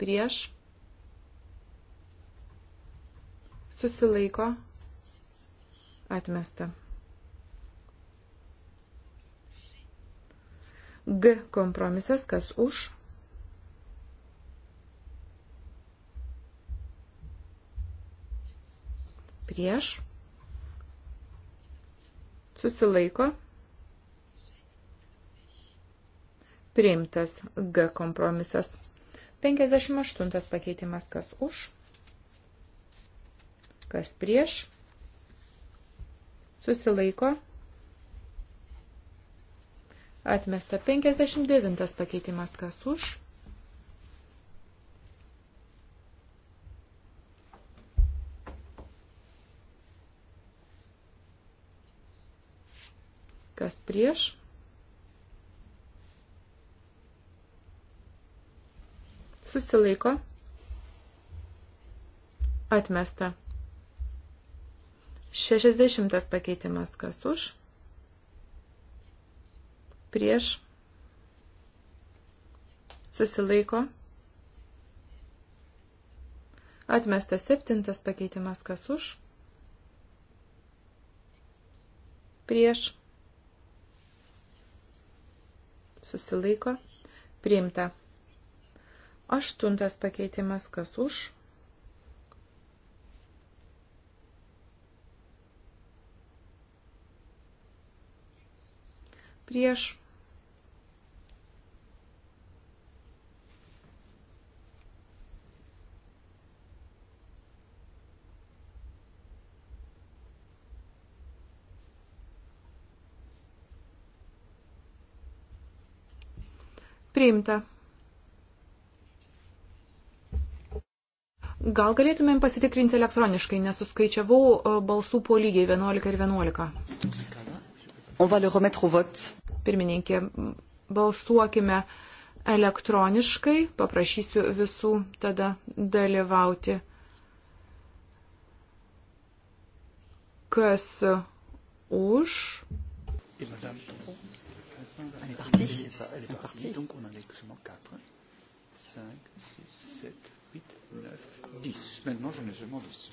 prieš, susilaiko, atmesta. G kompromisas kas už, prieš, susilaiko, priimtas G kompromisas. 58 pakeitimas, kas už, kas prieš, susilaiko, atmesta 59 pakeitimas, kas už, kas prieš. Susilaiko. Atmesta. 60 pakeitimas kas už. Prieš. Susilaiko. Atmestas septintas pakeitimas kas už. Prieš susilaiko, priimta. Aštuntas pakeitimas, kas už, prieš, Priimta. Gal galėtumėm pasitikrinti elektroniškai, nes suskaičiavau e, balsų po lygiai 11 ir 11. Pirmininkė, balsuokime elektroniškai, paprašysiu visų tada dalyvauti. Kas už? Ir madame. Elle est partie. Elle est, pas, elle est partie. partie. Donc on en a que seulement 4, 5, 6, 7, 8, 9, 10. Maintenant j'en ai seulement 10.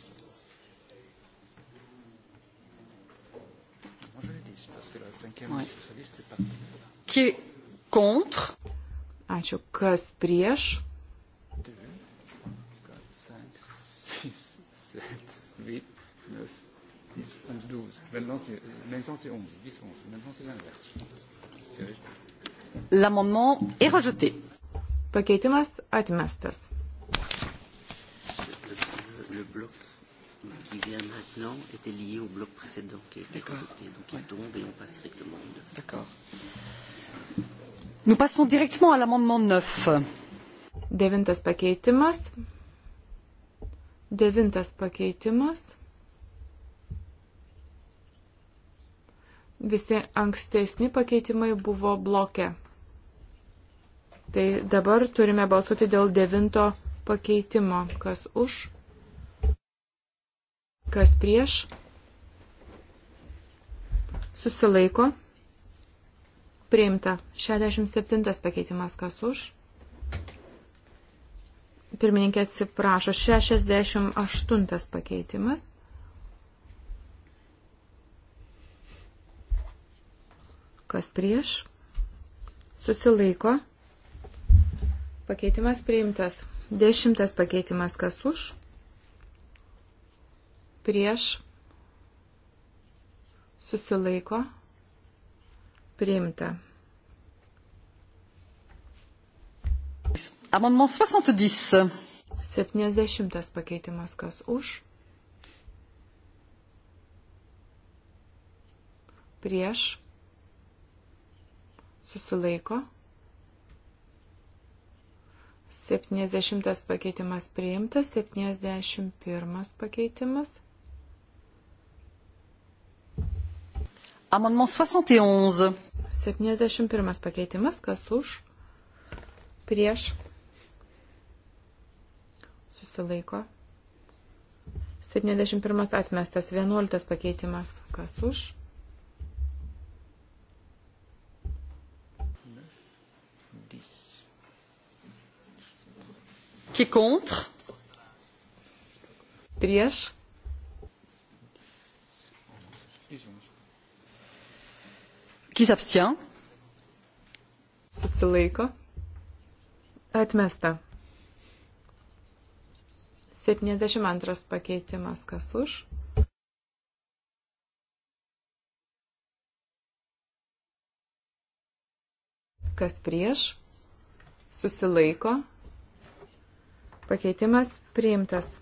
Moi je l'ai 10 parce que la cinquième ouais. socialiste est partie. Qui est contre Ačiū. Kas prieš? 2, 4, 5, 6, 7, 8, 9, 10, 11, 12. Maintenant c'est 11, 10, 11. Maintenant c'est l'inverse. L'amendement est rejeté. Pakeitimas atmestas. Le bloc qui vient maintenant était lié au bloc précédent qui a été rejeté. Donc il tombe et on passe directement au 9. D'accord. Nous passons directement à l'amendement 9. Devintas pakeitimas. Devintas pakeitimas. Visi ankstesni pakeitimai buvo bloke. Tai dabar turime balsuoti dėl devinto pakeitimo. Kas už? Kas prieš? Susilaiko. Priimta. 67 pakeitimas. Kas už? Pirmininkė atsiprašo. 68 pakeitimas. kas prieš, susilaiko, pakeitimas priimtas. Dešimtas pakeitimas kas už, prieš, susilaiko, priimta. Amendement 70. 70 pakeitimas kas už, prieš, susilaiko. 70 pakeitimas priimtas, 71 pakeitimas. Amendement 71. 71 pakeitimas, kas už, prieš, susilaiko. 71 atmestas, 11 pakeitimas, kas už, Qui est contre Prieš. Qui s'abstient Susilaiko. Atmesta. 72 pakeitimas kas už. Kas prieš? Susilaiko. Pakeitimas priimtas.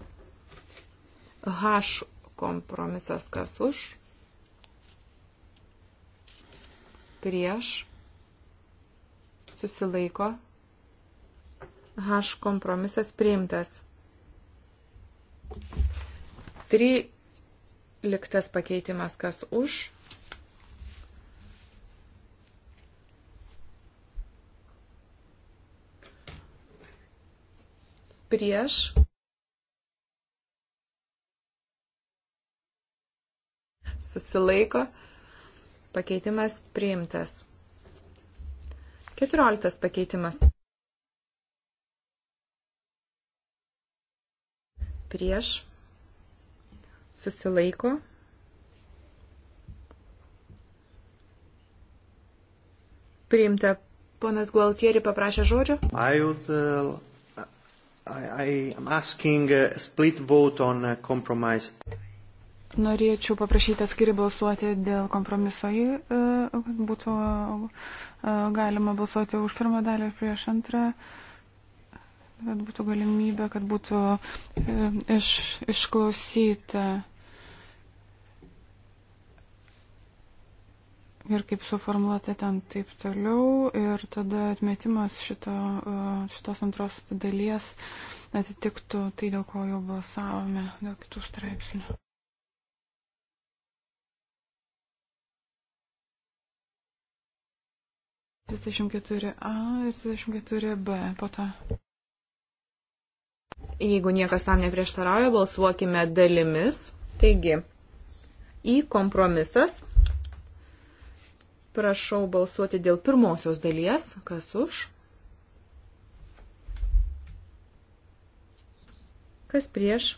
H kompromisas kas už. Prieš. Susilaiko. H kompromisas priimtas. 13 pakeitimas kas už. prieš. Susilaiko. Pakeitimas priimtas. Keturioliktas pakeitimas. Prieš. Susilaiko. Priimta. Ponas Gualtieri paprašė žodžio. I would uh, I, I am asking a split vote on a compromise. Norėčiau paprašyti atskiri balsuoti dėl kompromiso, kad e, būtų e, galima balsuoti už pirmą dalį ir prieš antrą, kad būtų galimybė, kad būtų e, iš, išklausyta ir kaip suformuoluoti ten taip toliau. Ir tada atmetimas šito, e, šitos antros dalies atitiktų tai, dėl ko jau balsavome, dėl kitų straipsnių. Trisdešimt keturi A ir trisdešimt keturi B po to. Jeigu niekas tam neprieštarauja, balsuokime dalimis. Taigi, į kompromisas Prašau balsuoti dėl pirmosios dalies. Kas už? Kas prieš?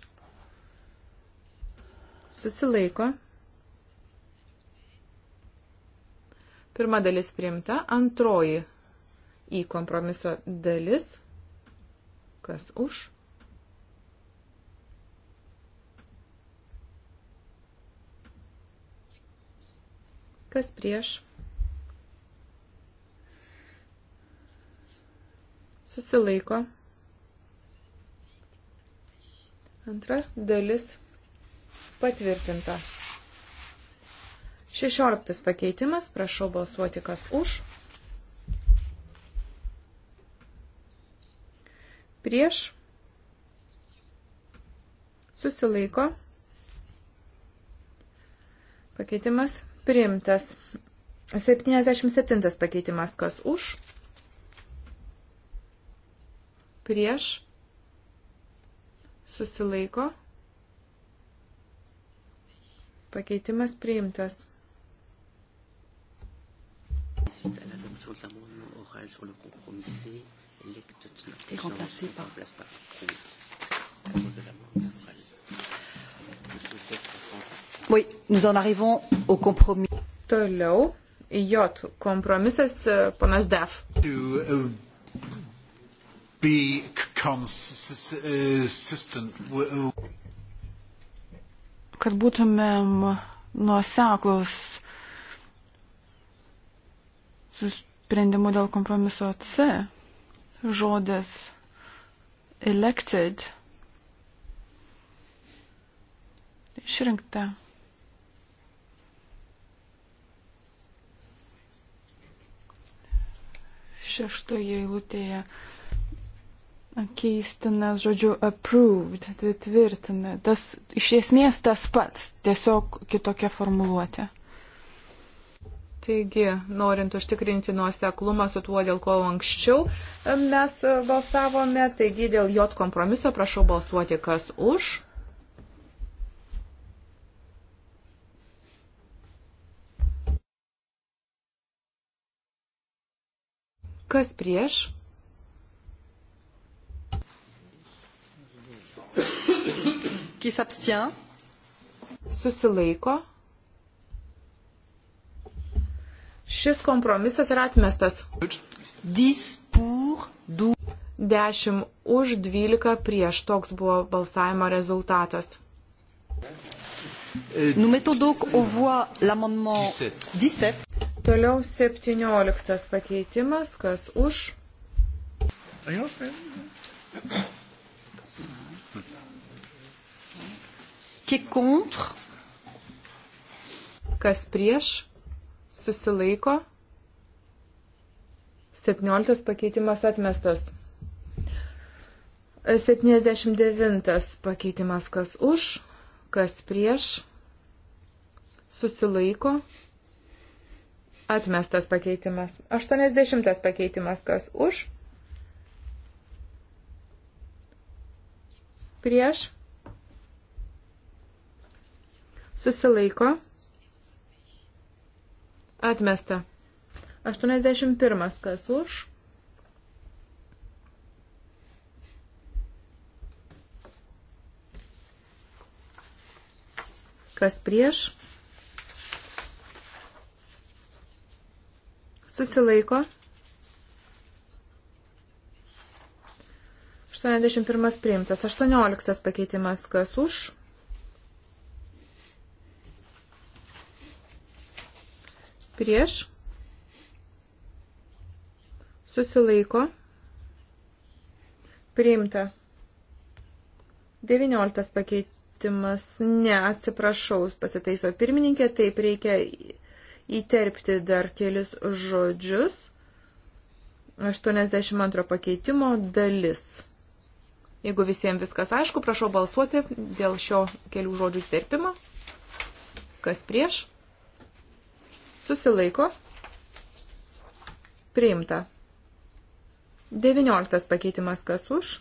Susilaiko. Pirma dalis priimta, antroji į kompromiso dalis. Kas už? Kas prieš? susilaiko. Antra dalis patvirtinta. Šešioliktas pakeitimas, prašau balsuoti kas už. Prieš susilaiko. Pakeitimas priimtas. 77 pakeitimas kas už prieš, susilaiko, pakeitimas priimtas. Oui, nous en arrivons au compromis. Toliau, J kompromisas, panas DAF. To, uh, be consistent. Kad būtumėm nuoseklus su sprendimu dėl kompromiso C, žodis elected, išrinkta. Šeštoje eilutėje keistinas žodžiu approved, tvirtina. Tas iš esmės tas pats, tiesiog kitokia formuluotė. Taigi, norint užtikrinti nuoseklumą su tuo, dėl ko anksčiau mes e, balsavome, taigi dėl J kompromiso prašau balsuoti, kas už. Kas prieš? Qui s'abstient Susilaiko. Šis kompromisas yra atmestas. 10 pour 12. 10 už 12 prieš toks buvo balsavimo rezultatas. Nous mettons donc au voie l'amendement 17. Toliau 17 pakeitimas, kas už. Are you Qui est contre? Kas prieš? Susilaiko. 17 pakeitimas atmestas. 79 pakeitimas kas už, kas prieš, susilaiko, atmestas pakeitimas. 80 pakeitimas kas už, prieš, susilaiko, atmesta. 81 kas už. Kas prieš. Susilaiko. 81 priimtas. 18 pakeitimas kas už. prieš, susilaiko, priimta. 19 pakeitimas, ne, atsiprašau, pasitaiso pirmininkė, taip reikia įterpti dar kelis žodžius. 82 pakeitimo dalis. Jeigu visiems viskas aišku, prašau balsuoti dėl šio kelių žodžių terpimo. Kas prieš? Susilaiko. Priimta. 19 pakeitimas kas už.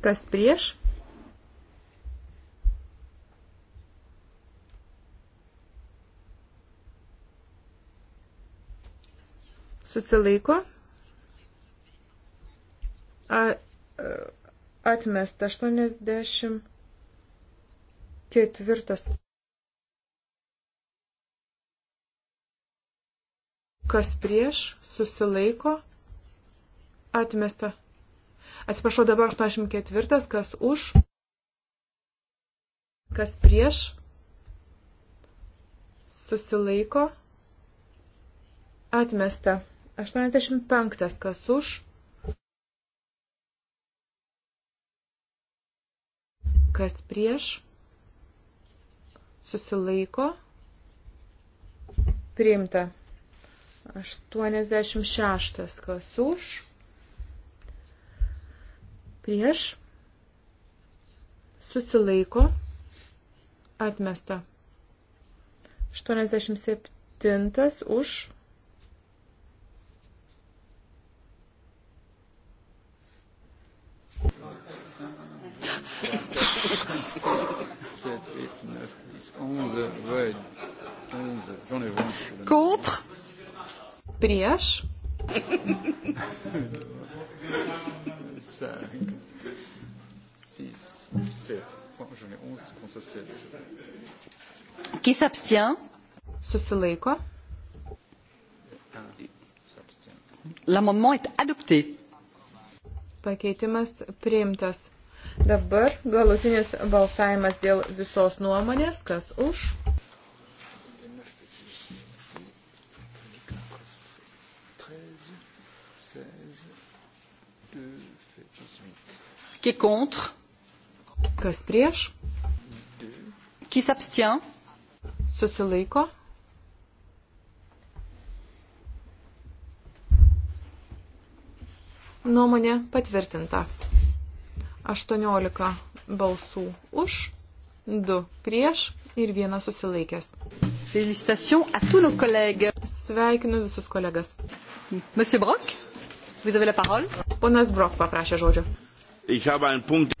Kas prieš? susilaiko, e, atmesta 84. Kas prieš susilaiko, atmesta. Atsiprašau, dabar 84, kas už, kas prieš susilaiko, atmesta. 85. Kas už? Kas prieš? Susilaiko. Priimta. 86. Kas už? Prieš? Susilaiko. Atmesta. 87 už Contre. Prieš. (laughs) Qui s'abstient Susilaiko. L'amendement est adopté. Pakeitimas priimtas. Dabar galutinis balsavimas dėl visos nuomonės, kas už. Qui est contre Kas prieš? Qui s'abstient Susilaiko. Nuomonė patvirtinta. 18 balsų už, 2 prieš ir 1 susilaikęs. Félicitations à tous nos collègues. Sveikinu visus kolegas. Monsieur Brock, vous avez la parole. Ponas Brock paprašė žodžio. Ich habe einen Punkt.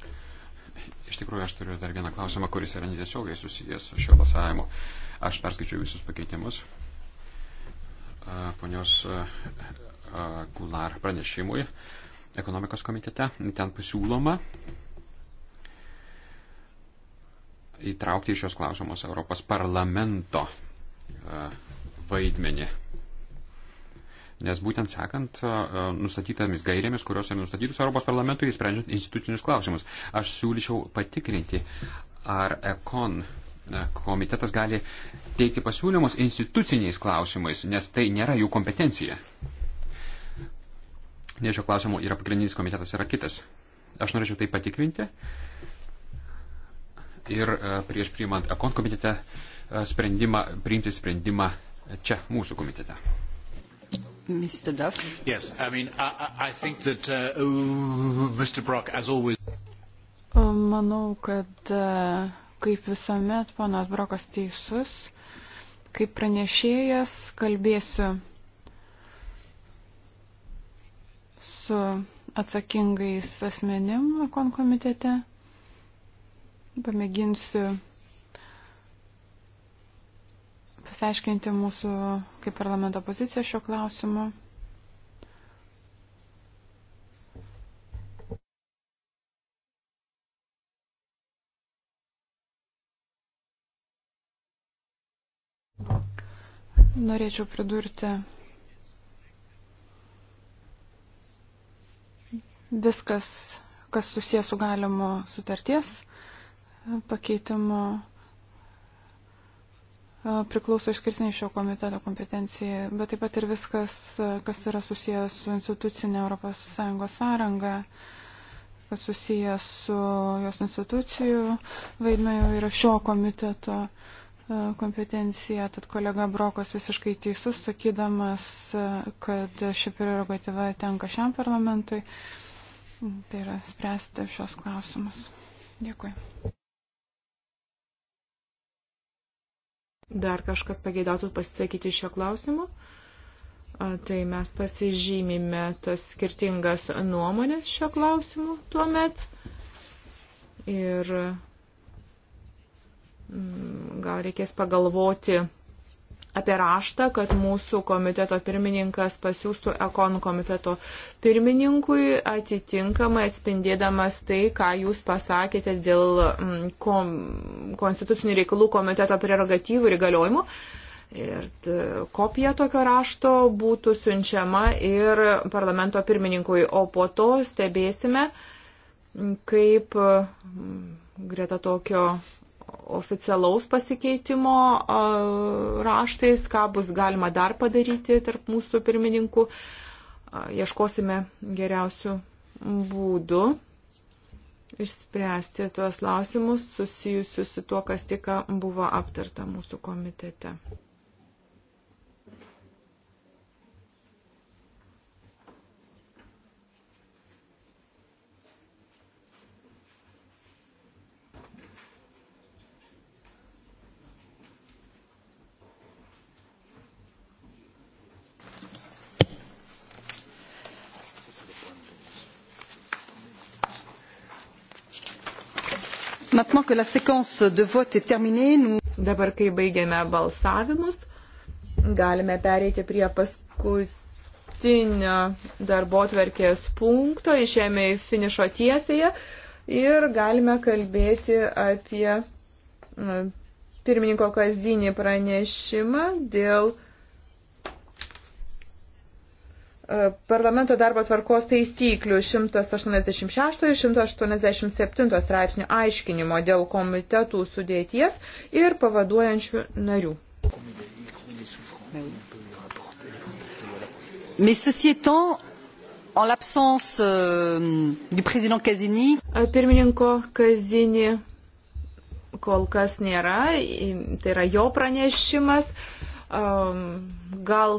Iš tikrųjų, aš turiu dar vieną klausimą, kuris yra netiesiogiai susijęs su šio balsavimu. Aš perskaičiau visus pakeitimus. Ponios Gular pranešimui. Uh, ekonomikos komitete. Ten pasiūloma įtraukti į šios klausimus Europos parlamento e, vaidmenį. Nes būtent sekant e, nustatytomis gairėmis, kurios yra nustatytos Europos parlamentui, sprendžiant institucinius klausimus, aš siūlyčiau patikrinti, ar ekon e, komitetas gali teikti pasiūlymus instituciniais klausimais, nes tai nėra jų kompetencija. Ne šio klausimo yra pagrindinis komitetas, yra kitas. Aš norėčiau tai patikrinti. Ir e, prieš priimant ekon komitete e, sprendimą, priimti sprendimą čia, mūsų komitete. Mr. Duff? Yes, I mean, I, I think that uh, Mr. Brock, as always. Manau, kad e, kaip visuomet, ponas Brokas teisus, kaip pranešėjas kalbėsiu su atsakingais asmenim konkomitete. Pamėginsiu pasiaiškinti mūsų kaip parlamento poziciją šio klausimu. Norėčiau pridurti viskas, kas susijęs su galimu sutarties e, pakeitimu, e, priklauso išskirtinai šio komiteto kompetencijai, bet taip pat ir viskas, e, kas yra susijęs su institucinė ES sąranga, kas susijęs su jos institucijų vaidmeniu yra šio komiteto kompetencija. Tad kolega Brokas visiškai teisus, sakydamas, kad ši prerogatyva tenka šiam parlamentui. Tai yra spręsti šios klausimus. Dėkui. Dar kažkas pageidautų pasisakyti šio klausimu? Tai mes pasižymime tas skirtingas nuomonės šio klausimu tuo met. Ir mm, gal reikės pagalvoti apie raštą, kad mūsų komiteto pirmininkas pasiūstų ekon komiteto pirmininkui, atitinkamai atspindėdamas tai, ką jūs pasakėte dėl mm, kom, konstitucinių reikalų komiteto prerogatyvų ir įgaliojimų. Ir kopija tokio rašto būtų siunčiama ir parlamento pirmininkui, o po to stebėsime, kaip mm, greta tokio oficialaus pasikeitimo raštais, ką bus galima dar padaryti tarp mūsų pirmininkų. Ieškosime geriausių būdų išspręsti tuos klausimus susijusius su tuo, kas tik buvo aptarta mūsų komitete. Maintenant que la séquence de vote est terminée, nous... Dabar, kai baigėme balsavimus, galime pereiti prie paskutinio darbo tvarkės punkto, išėmė į finišo tiesėje ir galime kalbėti apie mm, pirmininko kasdienį pranešimą dėl E, parlamento darbo tvarkos taisyklių 186 ir 187 straipsnių aiškinimo dėl komitetų sudėties ir pavaduojančių narių. Mais ceci étant, en l'absence euh, du président Kazini. Pirmininko Kazini kol kas nėra, tai yra jo pranešimas. Um, gal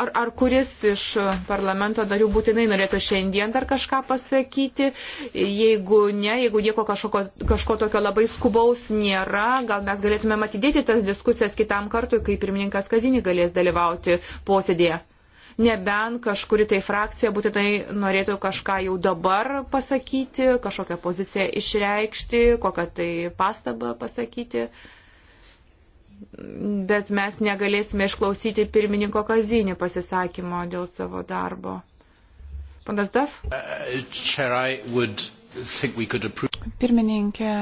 ar, ar kuris iš parlamento darių būtinai norėtų šiandien dar kažką pasakyti. Jeigu ne, jeigu nieko kažko, kažko tokio labai skubaus nėra, gal mes galėtume atidėti tas diskusijas kitam kartui, kai pirmininkas Kazinį galės dalyvauti posėdėje. Nebent kažkuri tai frakcija būtinai norėtų kažką jau dabar pasakyti, kažkokią poziciją išreikšti, kokią tai pastabą pasakyti. Uh, bet mes negalėsime išklausyti pirmininko Kazinį pasisakymo dėl savo darbo. Panas Daf? Uh, Pirmininkė,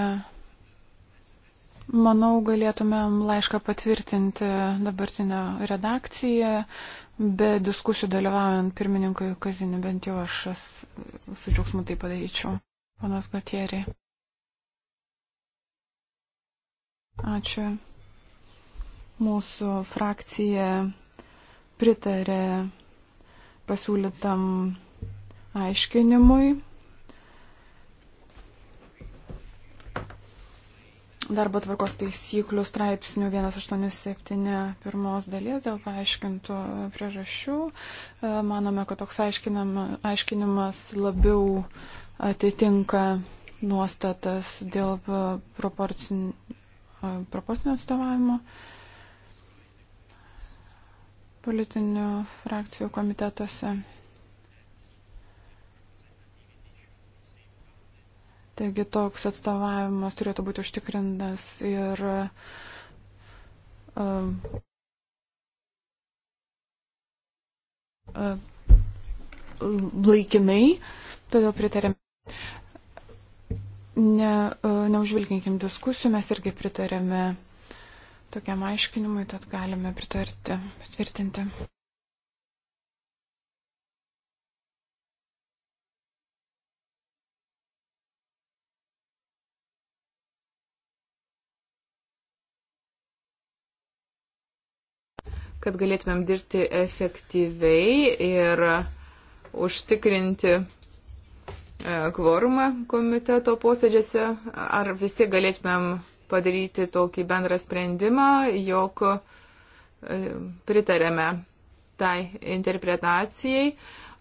manau, galėtumėm laišką patvirtinti dabartinę redakciją, be diskusijų dalyvaujant pirmininkui Kazinį, bent jau aš su džiaugsmu tai padaryčiau. Panas Gatieriai. Ačiū. Mūsų frakcija pritarė pasiūlytam aiškinimui. Darbo tvarkos taisyklių straipsnių 187.1 dalies dėl paaiškintų priežasčių. E, manome, kad toks aiškinimas labiau atitinka nuostatas dėl e, proporcinio atstovavimo. Uh, politinių frakcijų komitetuose. Taigi toks atstovavimas turėtų būti užtikrintas ir um, um laikinai, todėl pritarėm. Ne, uh, neužvilginkim diskusijų, mes irgi pritarėme tokiam aiškinimui, tad galime pritarti, patvirtinti. Kad galėtumėm dirbti efektyviai ir užtikrinti e, kvorumą komiteto posėdžiuose, ar visi galėtumėm padaryti tokį bendrą sprendimą, jog e, pritarėme tai interpretacijai,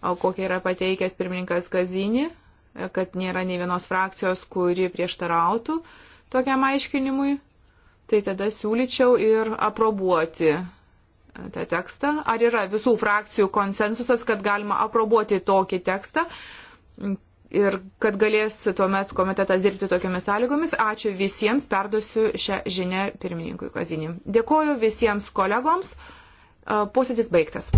kokią yra pateikęs pirmininkas Kazinį, e, kad nėra nei vienos frakcijos, kuri prieštarautų tokiam aiškinimui, tai tada siūlyčiau ir aprobuoti e, tą tekstą. Ar yra visų frakcijų konsensusas, kad galima aprobuoti tokį tekstą, ir kad galės tuomet komitetas dirbti tokiamis sąlygomis. Ačiū visiems, perduosiu šią žinę pirmininkui Kazinim. Dėkoju visiems kolegoms, posėdis baigtas.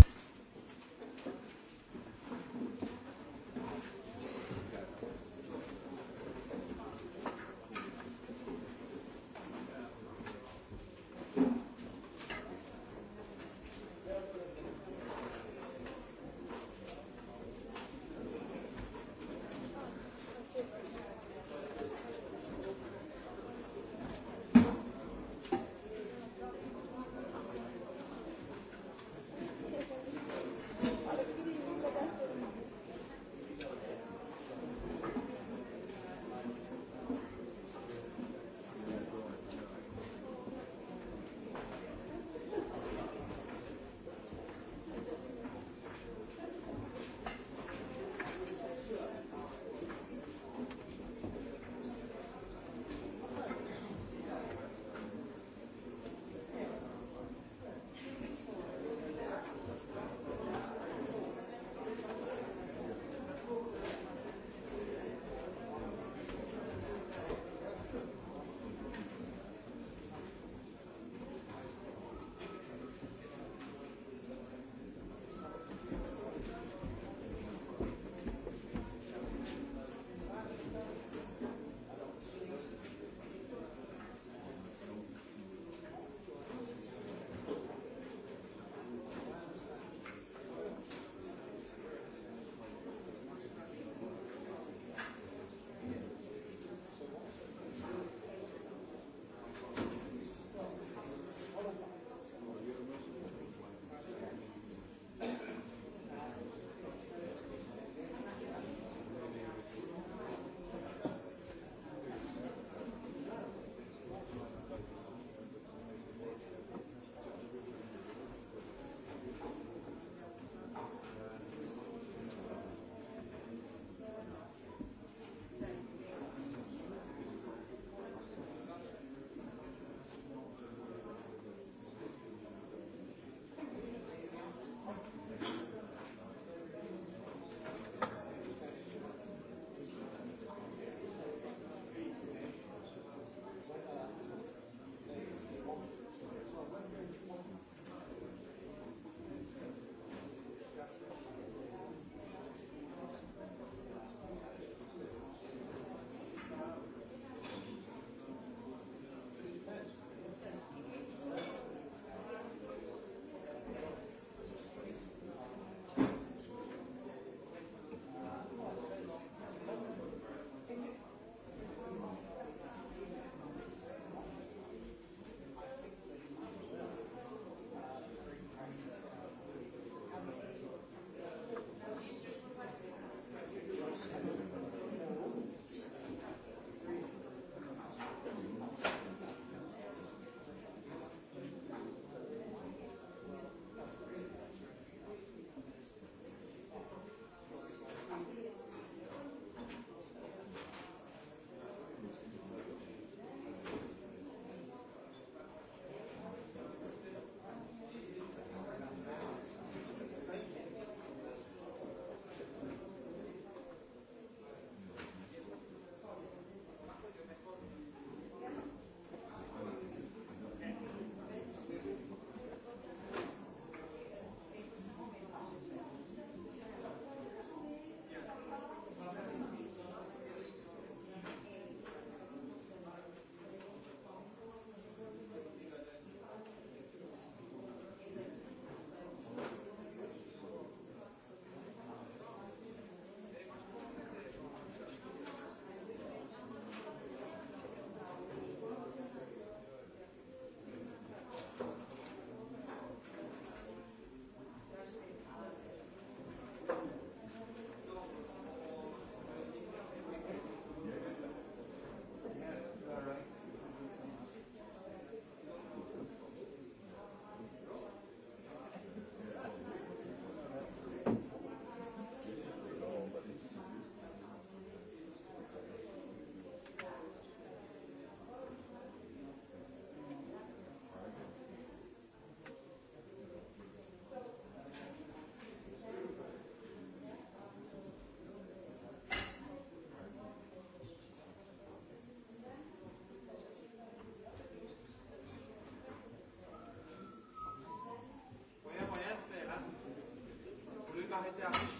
arrêté à Richmond.